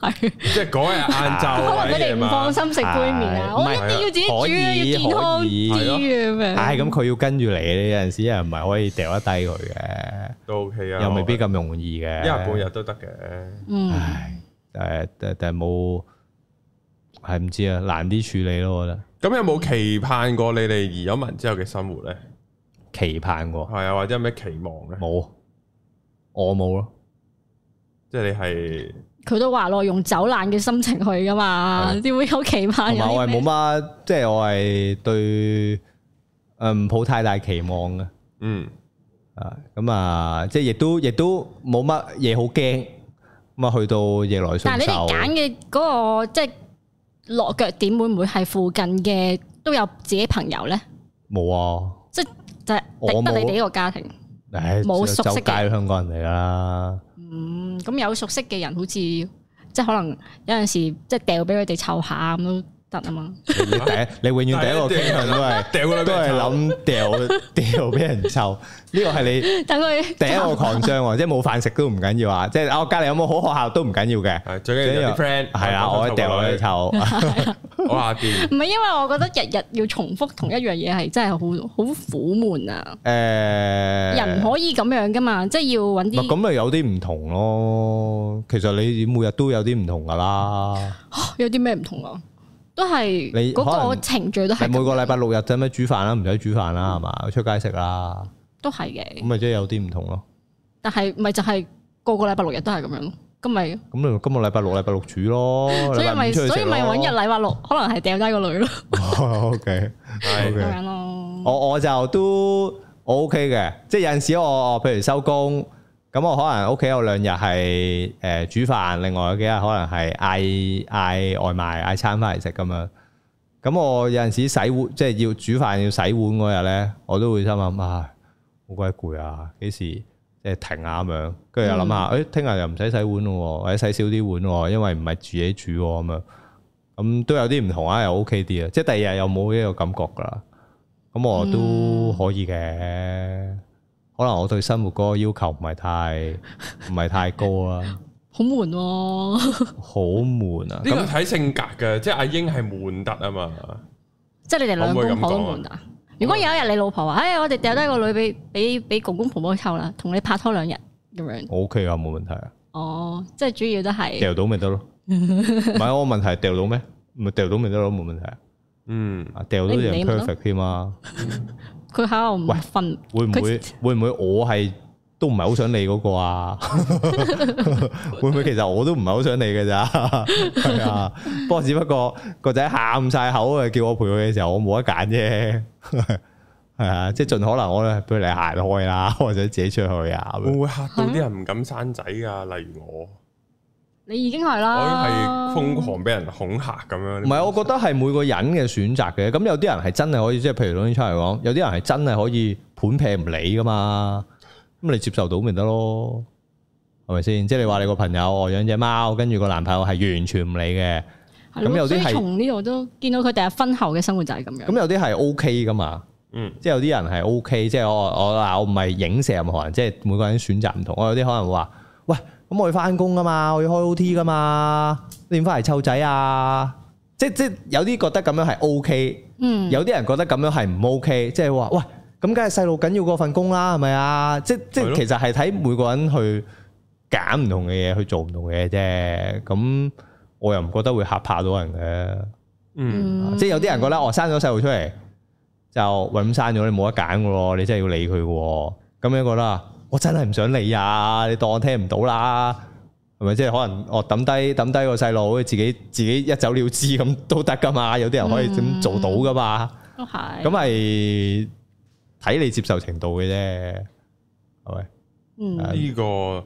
係，即係嗰日晏晝。可能你哋唔放心食杯麵啊？我一定要自己煮啊，要健康啲啊。咁，佢要跟住嚟嘅，有陣時又唔係可以掉得低佢嘅，都 OK 啊。又未必咁容易嘅，一日半日都得嘅。唉，誒，但但係冇，係唔知啊，難啲處理咯，我覺得。咁有冇期盼過你哋移咗民之後嘅生活咧？期盼過係啊，或者有咩期望嘅？冇，我冇咯。即係你係佢都話咯，用走爛嘅心情去噶嘛，點會有期盼？同埋我係冇乜，即係我係對誒唔抱太大期望嘅。嗯啊，咁啊，即係亦都亦都冇乜嘢好驚。咁啊，去到逆來順受。但係你哋揀嘅嗰個即係落腳點，會唔會係附近嘅都有自己朋友咧？冇啊，即係。即係，得你哋呢個家庭冇唉熟悉嘅香港人嚟啦。嗯，咁有熟悉嘅人好，好似即係可能有陣時即係掉畀佢哋湊下咁咯。得啊嘛，你第一，你永遠第一個傾向都係，都係諗掉掉俾人湊。呢個係你第一個 concern，即係冇飯食都唔緊要啊，即係我隔離有冇好學校都唔緊要嘅。最緊要 friend 係啊，我掉落去湊。我阿健，唔係因為我覺得日日要重複同一樣嘢係真係好好苦悶啊。誒，人可以咁樣噶嘛，即係要揾啲咁咪有啲唔同咯。其實你每日都有啲唔同噶啦。有啲咩唔同啊？都係你嗰個程序都係，每個禮拜六日就咁樣煮飯啦，唔使煮飯啦，係嘛，出街食啦，都係嘅。咁咪即係有啲唔同咯。但係咪就係個個禮拜六日都係咁樣咯？咁咪咁你今個禮拜六禮拜六煮咯，所以咪所以咪揾日禮拜六可能係掉低個女咯。哦，O K，係咁樣咯。我我就都我 O K 嘅，即係有陣時我譬如收工。咁我可能屋企有兩日係誒煮飯，另外有幾日可能係嗌嗌外賣嗌餐翻嚟食咁樣。咁我有陣時洗碗，即係要煮飯要洗碗嗰日咧，我都會心諗啊，好鬼攰啊！幾時即係停啊咁樣？跟住又諗下，誒聽日又唔使洗碗咯，或者洗少啲碗，因為唔係自己煮咁樣。咁都有啲唔同啊，又 OK 啲啊，即係第二日又冇呢個感覺啦。咁我都可以嘅。嗯嗯可能我對生活嗰個要求唔係太唔係太高啊，好悶，好悶啊！咁睇性格嘅，即係啊鷹係悶得啊嘛，即係你哋兩公婆都悶得。如果有一日你老婆話：哎，我哋掉低個女俾俾俾公公婆婆湊啦，同你拍拖兩日咁樣，OK 啊，冇問題啊。哦，即係主要都係掉到咪得咯，唔係我問題掉到咩？咪掉到咪得咯，冇問題。嗯，掉到就 perfect 添啊！佢喺度唔得瞓，會唔會會唔會我係都唔係好想理嗰個啊？ 會唔會其實我都唔係好想理嘅咋？係 啊，不過只不過個仔喊晒口啊，叫我陪佢嘅時候，我冇得揀啫。係 啊，即係盡可能我都係畀你行開啦，或者自己出去啊。會唔會嚇到啲人唔敢生仔啊？例如我。你已經係啦，我係瘋狂俾人恐嚇咁樣。唔係，我覺得係每個人嘅選擇嘅。咁有啲人係真係可以，即係譬如攞出嚟講，有啲人係真係可以盤劈唔理噶嘛。咁你接受到咪得咯？係咪先？即係你話你個朋友我養隻貓，跟住個男朋友係完全唔理嘅。咁有啲從呢度都見到佢第日婚後嘅生活就係咁樣。咁有啲係 OK 噶嘛？嗯，即係有啲人係 OK，即係我我我唔係影射任何人，即係每個人選擇唔同。我有啲可能會話，喂。咁我要翻工噶嘛，我要開 O T 噶嘛，你練翻嚟湊仔啊！即即有啲覺得咁樣係 O K，有啲人覺得咁樣係唔 O K，即係話喂，咁梗係細路緊要過份工啦，係咪啊？即即其實係睇每個人去揀唔同嘅嘢去做唔同嘅嘢啫。咁我又唔覺得會嚇怕到人嘅，嗯，即有啲人覺得我、哦、生咗細路出嚟就喂，咁生咗，你冇得揀噶咯，你真係要理佢噶。咁樣覺得我真係唔想理啊，你當我聽唔到啦，係咪？即係可能我抌低抌低個細路，自己自己一走了之咁都得噶嘛？有啲人可以咁做到噶嘛？都係咁係睇你接受程度嘅啫，係咪？嗯，呢個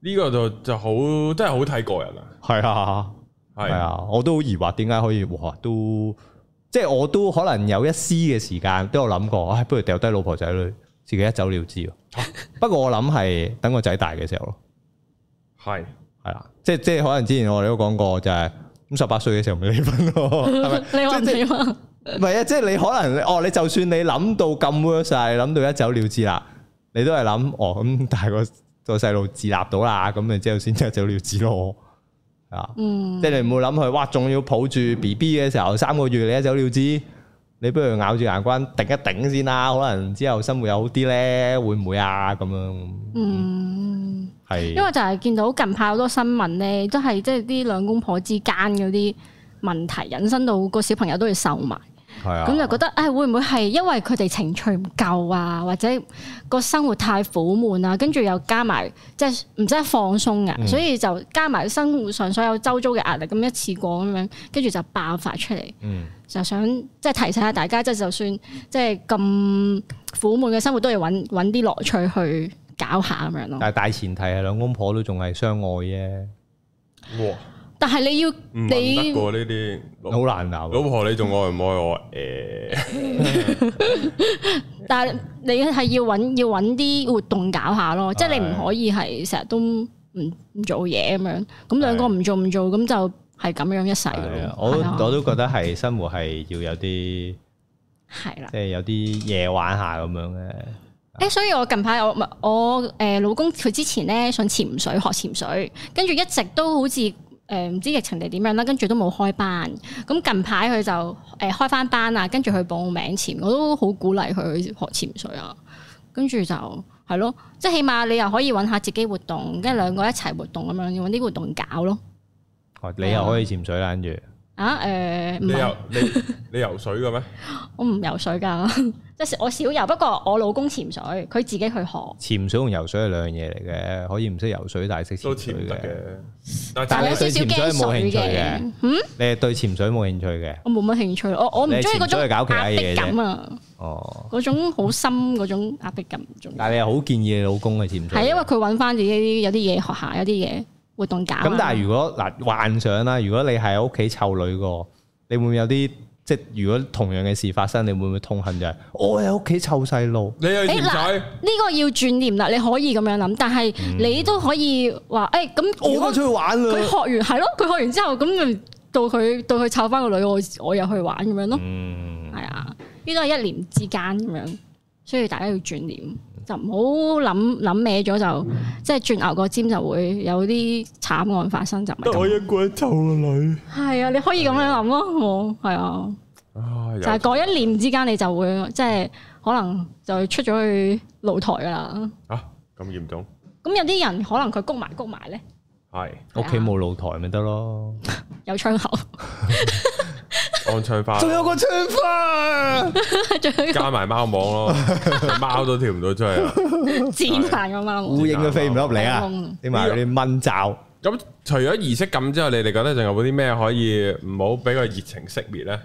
呢、呢個就就好，真係好睇個人啊。係啊，係啊，啊，啊，我都好疑惑點解可以哇？都即係我都可能有一絲嘅時間都有諗過，唉、哎，不如掉低老婆仔女。自己一走了之、啊、不過我諗係等個仔大嘅時候咯，係係啦，即即可能之前我哋都講過就係咁十八歲嘅時候咪係離婚咯，係咪？ 離婚離婚，唔係啊！即你可能哦，你就算你諗到咁 worst，諗到一走了之啦，你都係諗哦咁大個個細路自立到啦，咁你之後先一走了之咯，啊！嗯，即你唔好諗佢，「哇，仲要抱住 B B 嘅時候三個，個月你一走了之。」你不如咬住牙關頂一頂先啦，可能之後生活又好啲咧，會唔會啊？咁樣，嗯，係，因為就係見到近排好多新聞咧，都係即係啲兩公婆之間嗰啲問題引申到個小朋友都要受埋，係啊，咁就覺得誒、哎、會唔會係因為佢哋情趣唔夠啊，或者個生活太苦悶啊，跟住又加埋即係唔知係放鬆啊，嗯、所以就加埋生活上所有周遭嘅壓力咁一次過咁樣，跟住就爆發出嚟，嗯。就想即係提醒下大家，即係就算即係咁苦悶嘅生活，都要揾揾啲樂趣去搞下咁樣咯。但係大前提係兩公婆都仲係相愛啫。哇！但係你要你唔得過呢啲，好難鬧。老婆你仲愛唔愛我？誒！但係你係要揾要揾啲活動搞下咯，即係你唔可以係成日都唔唔做嘢咁樣。咁兩個唔做唔做，咁就～係咁樣一世嘅。啊啊、我我都覺得係生活係要有啲係啦，即係、啊、有啲嘢玩下咁樣嘅。誒、啊，所以我近排我唔，我誒、呃、老公佢之前咧想潛水學潛水，跟住一直都好似誒唔知疫情定點樣啦，跟住都冇開班。咁近排佢就誒、呃、開翻班啦，跟住去報名潛，我都好鼓勵佢去學潛水啊。跟住就係咯，即係起碼你又可以揾下自己活動，跟住兩個一齊活動咁樣，要揾啲活動搞咯。你又可以潛水啦，跟住啊，誒，你游你你游水嘅咩？我唔游水噶，即係我少游。不過我老公潛水，佢自己去學。潛水同游水係兩樣嘢嚟嘅，可以唔識游水，但係識都潛水嘅。但係有少少驚水嘅，嗯？你係對潛水冇興趣嘅？我冇乜興趣，我我唔中意嗰種壓迫感啊！哦，嗰種好深嗰種壓迫感，但係你又好建議你老公去潛水？係因為佢搵翻自己有啲嘢學下，有啲嘢。活動搞咁，但係如果嗱、啊、幻想啦，如果你係喺屋企湊女個，你會唔會有啲即係如果同樣嘅事發生，你會唔會痛恨就係我喺屋企湊細路，哦、你又唔使呢個要轉念啦。你可以咁樣諗，但係你都可以話誒咁我出去玩佢學完係咯，佢學完之後咁到佢到佢湊翻個女，我我又去玩咁樣咯。係啊、嗯，呢都係一念之間咁樣，所以大家要轉念。就唔好諗諗歪咗就，即係轉牛角尖就會有啲慘案發生就。得我一個人湊個女。係啊，你可以咁樣諗咯，我係啊。就係嗰一念之間，你就會即係可能就出咗去露台噶啦。啊，咁嚴重？咁有啲人可能佢谷埋谷埋咧。係，屋企冇露台咪得咯。有窗口。安窗花，仲有個窗花，加埋貓網咯，貓都跳唔到出去。剪爛個貓網，烏蠅都飛唔入嚟啊！添埋啲蚊罩。咁除咗儀式感之後，你哋覺得仲有冇啲咩可以唔好俾個熱情熄滅咧？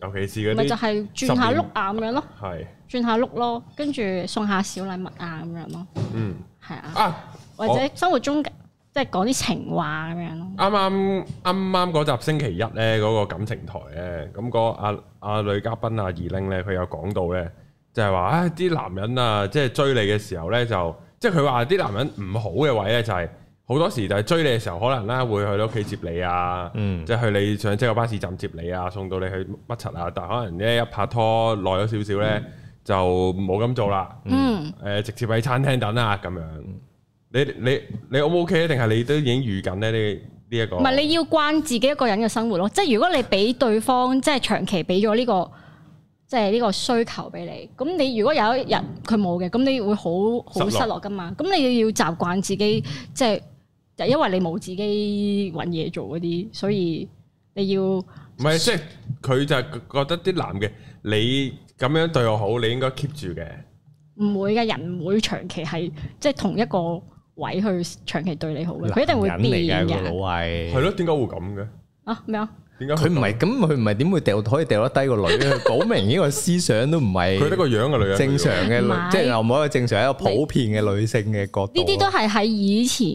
尤其是嗰啲，咪就係轉下碌啊咁樣咯，係轉下碌咯，跟住送下小禮物啊咁樣咯。嗯，係啊，或者生活中。即係講啲情話咁樣咯。啱啱啱啱嗰集星期一咧，嗰個感情台咧，咁個阿阿女嘉賓阿二鈴咧，佢有講到咧，就係話，唉，啲男人啊，即係追你嘅時候咧，就即係佢話啲男人唔好嘅位咧，就係好多時就係追你嘅時候，可能咧會去你屋企接你啊，嗯，即係去你上車個巴士站接你啊，送到你去北柒啊，但係可能咧一拍拖耐咗少少咧，就冇咁做啦，嗯，誒，嗯，直接喺餐廳等啊，咁樣。你你你 O 唔 O K？定係你都已經預緊咧？呢呢一個唔係你要慣自己一個人嘅生活咯。即係如果你俾對方即係長期俾咗呢個，即係呢個需求俾你，咁你如果有一日佢冇嘅，咁你會好好失落噶嘛。咁落你要習慣自己，即係就因為你冇自己揾嘢做嗰啲，所以你要唔係即係佢就係覺得啲男嘅你咁樣對我好，你應該 keep 住嘅。唔會嘅人唔會長期係即係同一個位去長期對你好嘅，佢一定會變嘅。老外係咯，點解會咁嘅？啊，咩啊？點解佢唔係咁？佢唔係點會掉可以掉得低個女？佢 講明呢個思想都唔係。佢得個樣嘅女正常嘅女，即係又唔可以正常一個普遍嘅女性嘅角度。呢啲是都係喺以前，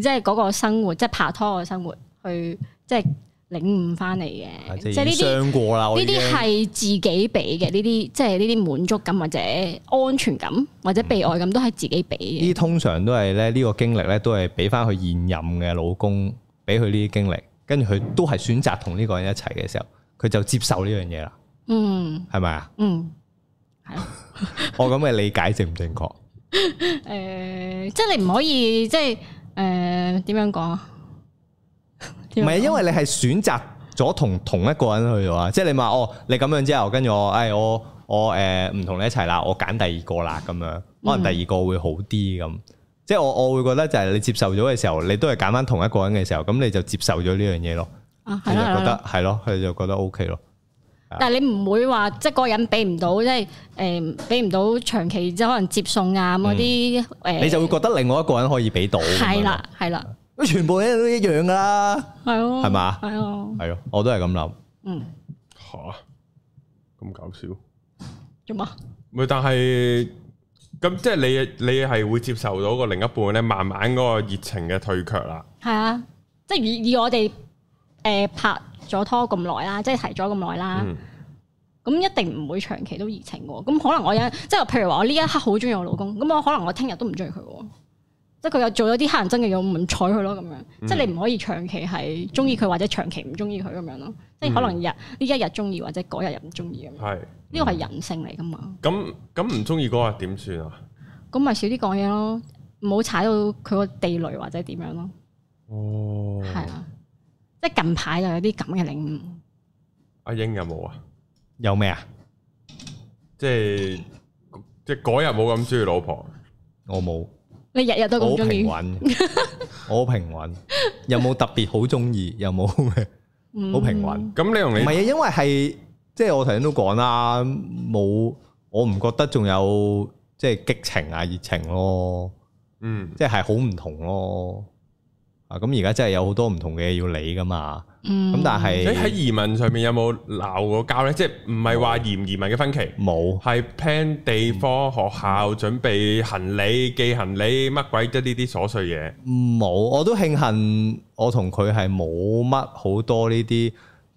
即係嗰個生活，即係拍拖嘅生活去，即係。領悟翻嚟嘅，即係呢啲呢啲係自己俾嘅呢啲，即係呢啲滿足感或者安全感或者被愛感都係自己俾嘅。呢、嗯、通常都係咧呢個經歷咧都係俾翻佢現任嘅老公俾佢呢啲經歷，跟住佢都係選擇同呢個人一齊嘅時候，佢就接受呢樣嘢啦。嗯，係咪啊？嗯，係。我咁嘅理解正唔正確？誒、 呃，即係你唔可以即係誒點樣講啊？唔係，因為你係選擇咗同同一個人去嘅話，即係你話哦，你咁樣之後跟住我，誒我我誒唔同你一齊啦，我揀第二個啦，咁樣可能第二個會好啲咁。即係我我會覺得就係你接受咗嘅時候，你都係揀翻同一個人嘅時候，咁你就接受咗呢樣嘢咯。佢、啊、就覺得係咯，佢就覺得 O K 咯。但係你唔會話即係嗰個人俾唔到，即係誒俾唔到長期即係可能接送啊嗰啲誒，你就會覺得另外一個人可以俾到。係啦，係啦。全部嘢都一樣噶啦，係哦，係嘛，係啊，係啊，我都係咁諗。嗯，吓，咁搞笑做乜？咪但係咁，即係你你係會接受到個另一半咧，慢慢嗰個熱情嘅退卻啦。係啊，即係以以我哋誒拍咗拖咁耐啦，即係提咗咁耐啦，咁一定唔會長期都熱情嘅。咁可能我有即係譬如話我呢一刻好中意我老公，咁我可能我聽日都唔中意佢。即係佢又做咗啲黑人憎嘅嘢，唔睬佢咯咁樣。即係你唔可以長期係中意佢或者長期唔中意佢咁樣咯。嗯、即係可能日呢一日中意或者嗰日又唔中意咁。係呢個係人性嚟噶嘛。咁咁唔中意嗰日點算啊？咁咪少啲講嘢咯，唔好踩到佢個地雷或者點樣咯。哦，係啊，即係近排又有啲咁嘅領悟。阿、啊、英有冇啊？有咩啊？即係即係嗰日冇咁中意老婆，我冇。你日日都好平穩，我平 好、嗯、平穩，有冇特別好中意？有冇好平穩？咁你用你唔係啊？因為係即係我頭先都講啦，冇我唔覺得仲有即係、就是、激情啊熱情咯，嗯，即係好唔同咯啊！咁而家真係有好多唔同嘅嘢要理噶嘛。嗯，咁但係是，誒喺移民上面有冇鬧過交咧？嗯、即係唔係話嫌移民嘅分歧？冇沒，係 plan 地方學校，嗯、準備行李寄行李，乜鬼啫？呢啲瑣碎嘢，冇。我都慶幸我同佢係冇乜好多呢啲，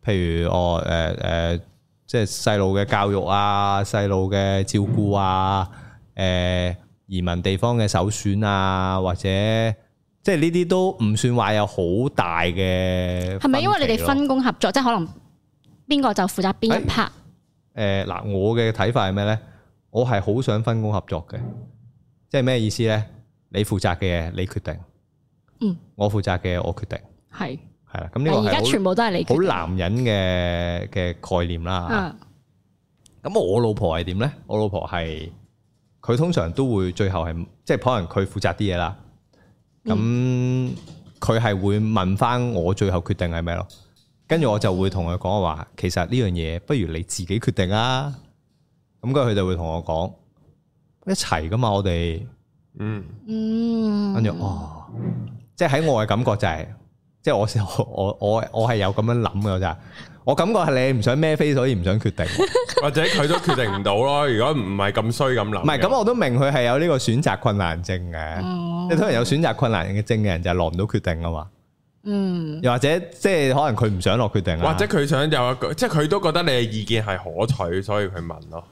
譬如我誒誒，即係細路嘅教育啊，細路嘅照顧啊，誒、呃、移民地方嘅首選啊，或者。即係呢啲都唔算話有好大嘅。係咪因為你哋分工合作， 即係可能邊個就負責邊一 part？誒，嗱，欸呃，我嘅睇法係咩咧？我係好想分工合作嘅。即係咩意思咧？你負責嘅嘢，你決定，嗯，我負責嘅我決定，係係啦。咁呢個而家全部都係你決定，係好男人嘅嘅概念啦。咁的我老婆係點咧？我老婆係佢通常都會最後係，即係可能佢負責啲嘢啦。咁佢係會問翻我最後決定係咩咯？跟住我就會同佢講話，其實呢樣嘢，不如你自己決定啦。咁佢就會同我講一齊噶嘛，我哋嗯嗯，跟住哦，即係喺我嘅感覺就係，即係我我我我係有咁樣諗噶咋。我感覺係你唔想孭飛，所以唔想決定， 或者佢都決定唔到咯。如果唔係咁衰咁諗，唔係咁我都明佢係有呢個選擇困難症嘅。你通常有選擇困難嘅症嘅人就係落唔到決定啊嘛。嗯，又或者即係可能佢唔想落決定，或者佢想有一個，即係佢都覺得你嘅意見係可取，所以佢問咯。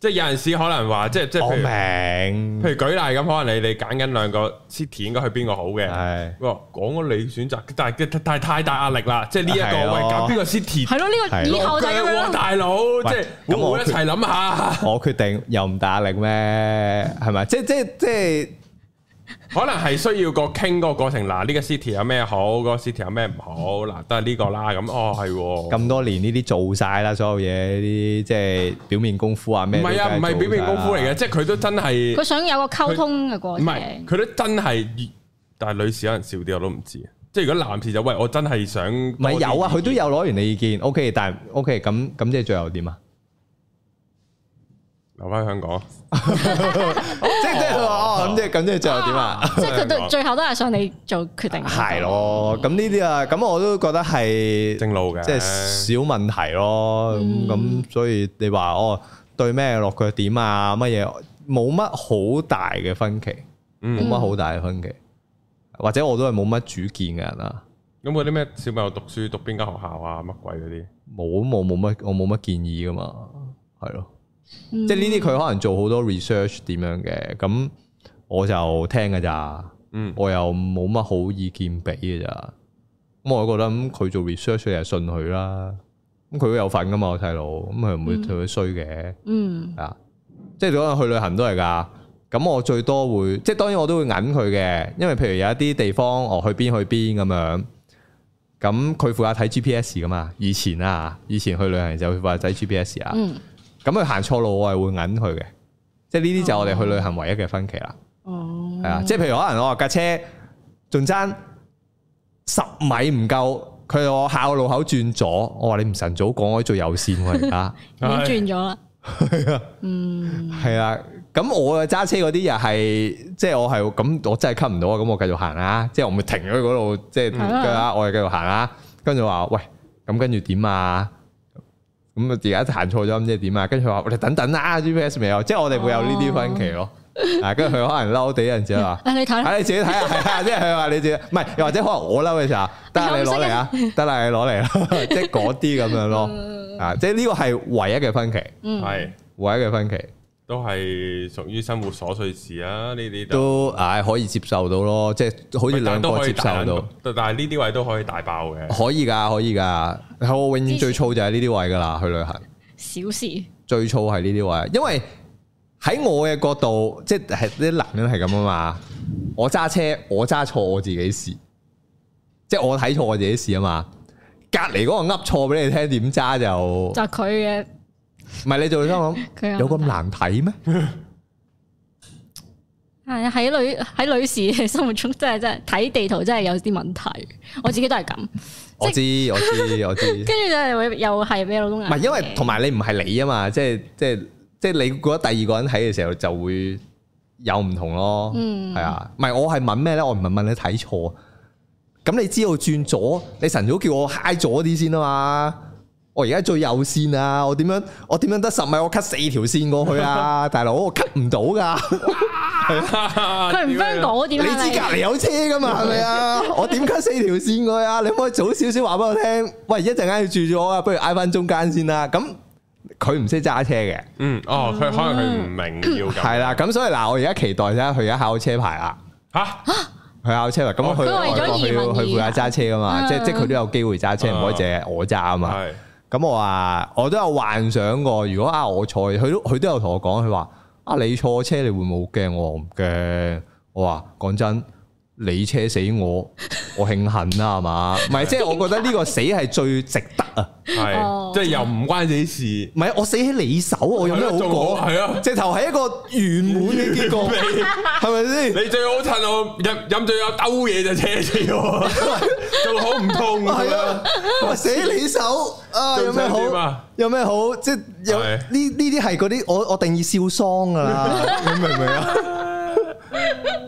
即係有陣時可能話，即係即係好明，譬如舉例咁，可能你哋揀緊兩個 city 應該去邊個好嘅，係喎講咗你選擇，但係但係太大壓力啦，即係呢一個的喂揀邊個 city，係咯呢個以後、哦、大佬，即係會唔會一齊諗下？我決定又唔大壓力咩？係咪？即即即。即即 可能係需要個傾嗰個過程，嗱、啊、呢、呢個 city 有咩好，嗰個 city 有咩唔好，嗱都係呢個啦。咁、啊、哦係，咁、哦、多年呢啲做晒啦，所有嘢呢啲即係表面功夫啊咩？唔係啊，唔係表面功夫嚟嘅，即係佢都真係。佢、嗯、想有個溝通嘅過程。唔係，佢都真係。但係女士可能少啲，我都唔知。即係如果男士就喂，我真係想。唔係有啊，佢都有攞完你意見、嗯、但，OK，但係 OK，咁咁即係最後點啊？留翻香港，即即係話咁即咁即係最後點啊？即係佢都最後都係想你做決定。係咯、嗯，咁呢啲啊，咁 我都覺得係正路嘅，即、就、係、是、小問題咯。咁咁，所以你話哦，對咩落腳點啊，乜嘢，冇乜好大嘅分歧，冇乜好大嘅分歧，或者我都係冇乜主見嘅人啊。咁嗰啲咩小朋友讀書讀邊間學校啊，乜鬼嗰啲，冇冇冇乜，我冇乜建議噶嘛，係咯。嗯、即係呢啲佢可能做好多 research 點樣嘅，咁我就聽噶咋、嗯嗯，嗯，我又冇乜好意見俾嘅咋，咁我覺得佢做 research 又係信佢啦，咁佢都有份噶嘛，我細路咁佢唔會佢衰嘅。嗯啊，即係嗰日去旅行都係噶，咁我最多會即係當然我都會引佢嘅，因為譬如有一啲地方我、哦、去邊去邊咁樣，咁佢負責睇 GPS 噶嘛，以前啊，以前去旅行就負責睇 GPS 啊。嗯嗯咁佢行錯路，我係會揞佢嘅，即係呢啲就我哋去旅行唯一嘅分歧啦。哦，係啊，即係譬如可能我話架車仲爭十米唔夠，佢我下個路口轉左，我話你唔晨早講可以做右線喎而家，轉咗啦。係啊，嗯，係啊，咁我揸車嗰啲又係，即係我係咁，我真係吸唔到啊！咁我繼續行啊，即係我咪停喺嗰度，即係啊，的我又繼續行啊，跟住話喂，咁跟住點啊？咁啊，而家彈錯咗唔知點啊，跟住佢話我哋等等啦，GPS 未有，即係我哋會有呢啲分歧咯。哦、啊，跟住佢可能嬲啲嘅時候啊你睇，啊你自己睇下、 啊，即係佢話你自己，唔係又或者可能我嬲嘅時候，得 你攞嚟啊，得啦，你攞嚟咯， 即係嗰啲咁樣咯。 啊，即係呢個係唯一嘅分歧，係、嗯、唯一嘅分歧。都係屬於生活瑣碎事啊！呢啲都唉、哎、可以接受到咯，即、就、係、是、好似兩個可以接受到。但係呢啲位都可以大爆嘅，可以噶，可以噶。我永遠最躁就係呢啲位噶啦，去旅行小事最躁係呢啲位，因為喺我嘅角度，即係啲男人係咁啊嘛。我揸車，我揸錯我自己事，即係我睇錯我自己事啊嘛。隔籬嗰個噏錯俾你聽，點揸就就佢嘅。唔係你做香港，有咁難睇咩？係啊，喺女喺女士嘅心目中真，真係真係睇地圖真係有啲問題。我自己都係咁。我知我知我知。跟住就係又係咩老公唔係，因為同埋你唔係你啊嘛，即係即係即係你覺得第二個人睇嘅時候就會有唔同咯。嗯，係啊，唔係我係問咩咧？我唔係問，問你睇錯，咁你知道轉左，你晨早叫我揩左啲先啊嘛。我而家最右線啊！我點樣？我點樣得十米？我 cut 四條線過去啊，大佬我 cut 唔到噶。佢唔香港點啊？你知隔籬有車噶嘛？係咪啊？我點 cut 四條線過去啊？你可唔可以早少少話俾我聽？喂，一陣間要住咗我啊，不如挨翻中間先啦。咁佢唔識揸車嘅，嗯，哦，佢可能佢唔明要係啦。咁所以嗱，我而家期待啫，佢而家考車牌啦。吓吓，佢考車牌咁佢為咗二，佢佢下揸車噶嘛？即即佢都有機會揸車，唔可以淨係我揸啊嘛。咁我話，我都有幻想過，如果啊我坐，佢都佢都有同我講，佢話啊你坐車你會冇驚？我唔驚，我話講真。你車死我，我慶幸啦，係嘛？唔係即係我覺得呢個死係最值得啊，係即係又唔關你事。唔係我死喺你手，我有咩好講？係啊，直頭係一個圓滿嘅結局，係咪先？是是，你最好趁我飲飲醉阿兜嘢就車死我，就 好唔痛。係啊，我死你手啊，有咩好？有咩好？即係又呢呢啲係嗰啲我我定義笑喪㗎啦，你明唔明啊？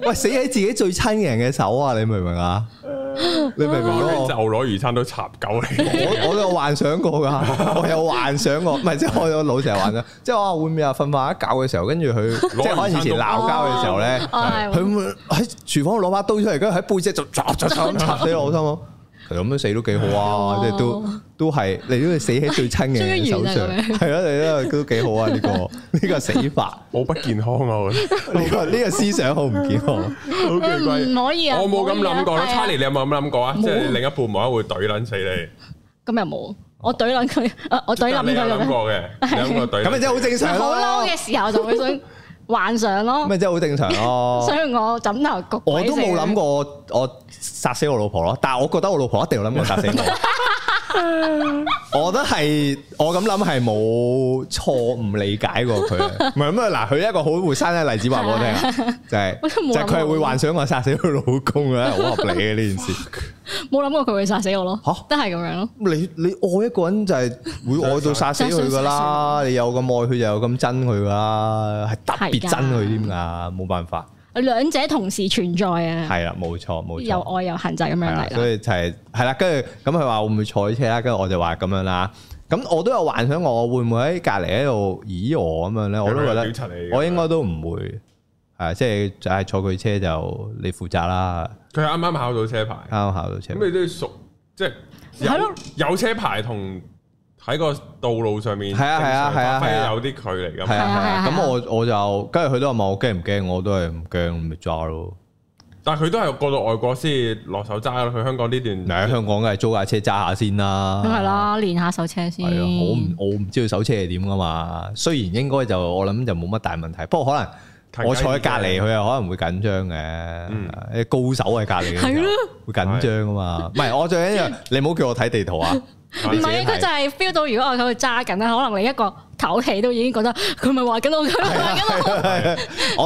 喂！死喺自己最親嘅人嘅手啊！你明唔明啊？你明唔明啊？就攞魚叉都插狗嚟！我我都有幻想過噶，我有幻想過，唔係即係我有腦成日幻想，即係我會唔會啊？瞓翻一覺嘅時候，跟住佢即係開以前鬧交嘅時候咧，佢會喺廚房攞把刀出嚟，跟住喺背脊就鑿咗慘，插死我心啊！咁樣死都幾好啊！即係都都係你都係死喺最親嘅人手上，係啦，你都都幾好啊！呢個呢個死法好不健康啊！呢個呢個思想好唔健康，好奇怪！我冇咁諗過啦，Charlie，你有冇咁諗過啊？即係另一半冇可能會懟撚死你。今日冇，我懟撚佢，我懟撚佢。你諗過嘅，你諗過懟。咁啊，即係好正常。好嬲嘅時候就會想。幻想咯，咪即係好正常咯。所以 我枕頭焗，我都冇諗過我殺死我老婆咯，但係我覺得我老婆一定諗過殺死我。 我覺得係，我咁諗係冇錯，唔理解過佢。唔係咁嗱，佢一個好活生生例子話畀我聽，就係就佢係會幻想我殺死佢老公嘅，好合理嘅呢件事。冇諗 過佢會殺死我咯，吓、啊、都係咁樣咯。你你愛一個人就係會愛到殺死佢噶啦，你有咁愛佢就有咁憎佢噶啦，係特別憎佢添噶，冇辦法。兩者同時存在啊，係啦，冇錯冇錯，又愛又限制咁樣嚟，所以就係係啦，跟住咁佢話會唔會坐車啦？跟住我就話咁樣啦，咁我都有幻想我會唔會喺隔籬喺度咦我咁樣咧？我都覺得我應該都唔會，係即係就係、係、坐佢車就你負責啦。佢啱啱考到車牌，啱啱考到車牌，咁你都要熟，即係係咯，的有車牌同。喺個道路上面，啊，啊，發揮有啲距離咁。咁我、啊啊啊啊、我就，跟住佢都問我驚唔驚，我都係唔驚，咪揸咯。但係佢都係過到外國先落手揸咯。去、啊、香港呢段嚟喺香港，梗係租架車揸下先啦。咁係啦，練下手車先。啊、我唔我唔知佢手車係點噶嘛。雖然應該就我諗就冇乜大問題，不過可能我坐喺隔離，佢又可能會緊張嘅。嗯、高手喺隔離嘅時候會緊張噶嘛。唔係、啊，我最緊要你唔好叫我睇地圖啊。唔係，佢就係 feel 到，如果我喺度揸緊咧，可能你一個唞氣都已經覺得佢咪話緊我，佢話緊我，啊啊啊啊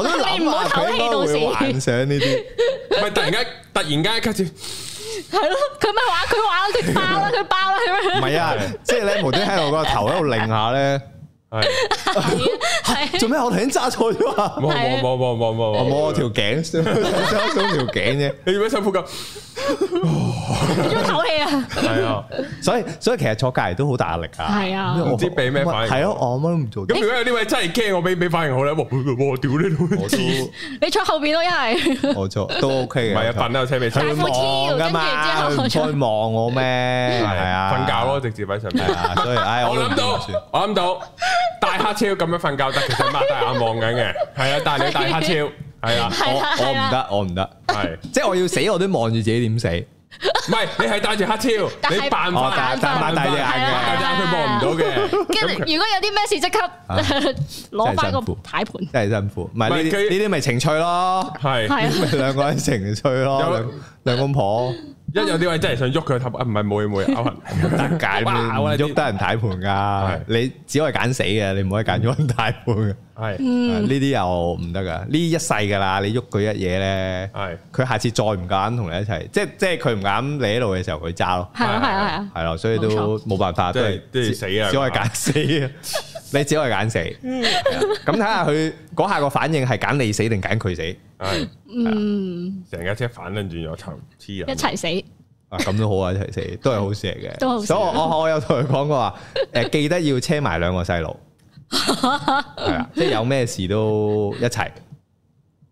啊、你唔好唞氣到先。唔係突然間，突然間 cut 住，係咯，佢咪話，佢話啦，佢爆啦，佢爆啦，係咪？唔係啊，即係你無端喺我個頭喺度擰下咧。係做咩？我頭先揸錯咗啊！冇冇冇冇冇冇冇條頸，傷咗條頸啫。你點解想扑街？做咗透氣啊！係啊，所以所以其實坐隔籬都好大壓力啊！係啊，唔知俾咩反應？係咯，我乜都唔做。咁如果有呢位真係驚我俾俾反應好咧，我屌你都，你坐後邊咯，因為冇錯都 OK 嘅，唔係啊瞓得有車未？太冇天意噶嘛？佢唔開望我咩？係啊，瞓覺咯，直接喺上邊啊。所以唉，我諗到，我諗到。戴黑超咁樣瞓覺，其實擘大眼望緊嘅，係啊，但係你戴黑超，係啊，我我唔得，我唔得，係，即係我要死，我都望住自己點死，唔係，你係戴住黑超，你扮埋，但係擘大隻眼，佢望唔到嘅。跟住如果有啲咩事，即刻攞翻個牌盤，真係辛苦，唔係呢呢啲咪情趣咯，係，兩個人情趣咯，兩公婆。因有啲位真係想喐佢頭，唔係冇嘢冇嘢，得解喐得人踩盤噶，的你只可以揀死嘅，你唔可以揀咗人踩盤。係呢啲又唔得噶，呢一世噶啦，你喐佢一嘢咧，佢的下次再唔敢同你一齊，即係即係佢唔敢你喺度嘅時候佢揸咯，係啊，係啊係啊，係咯，所以都冇辦法，錯都係即係死啊，只可以揀死啊。你只可以揀死，咁睇下佢嗰下個反應係揀你死定揀佢死？係，嗯，成架車反擰轉咗頭，黐人一齊死，啊咁都好啊，一齊死都係好事嚟嘅。都好，所以我我有同佢講過話，誒，記得要車埋兩個細路，係啦，即係有咩事都一齊，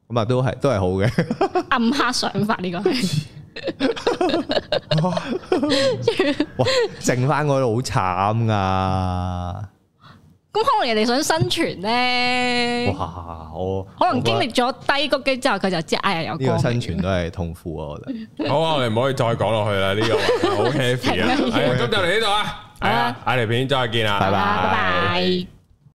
咁啊都係都係好嘅。暗黑想法呢個係，剩翻嗰啲好慘噶。咁可能人哋想生存咧，哇！我可能經歷咗低谷嘅之後，佢就即係哎呀，有。呢、哎、個生存都係痛苦啊！我覺得好啊，我哋唔可以再講落去啦，呢個好 heavy 啊！咁就嚟呢度啊，好啊，嗌嚟片再係見啦，拜拜，拜拜。拜拜。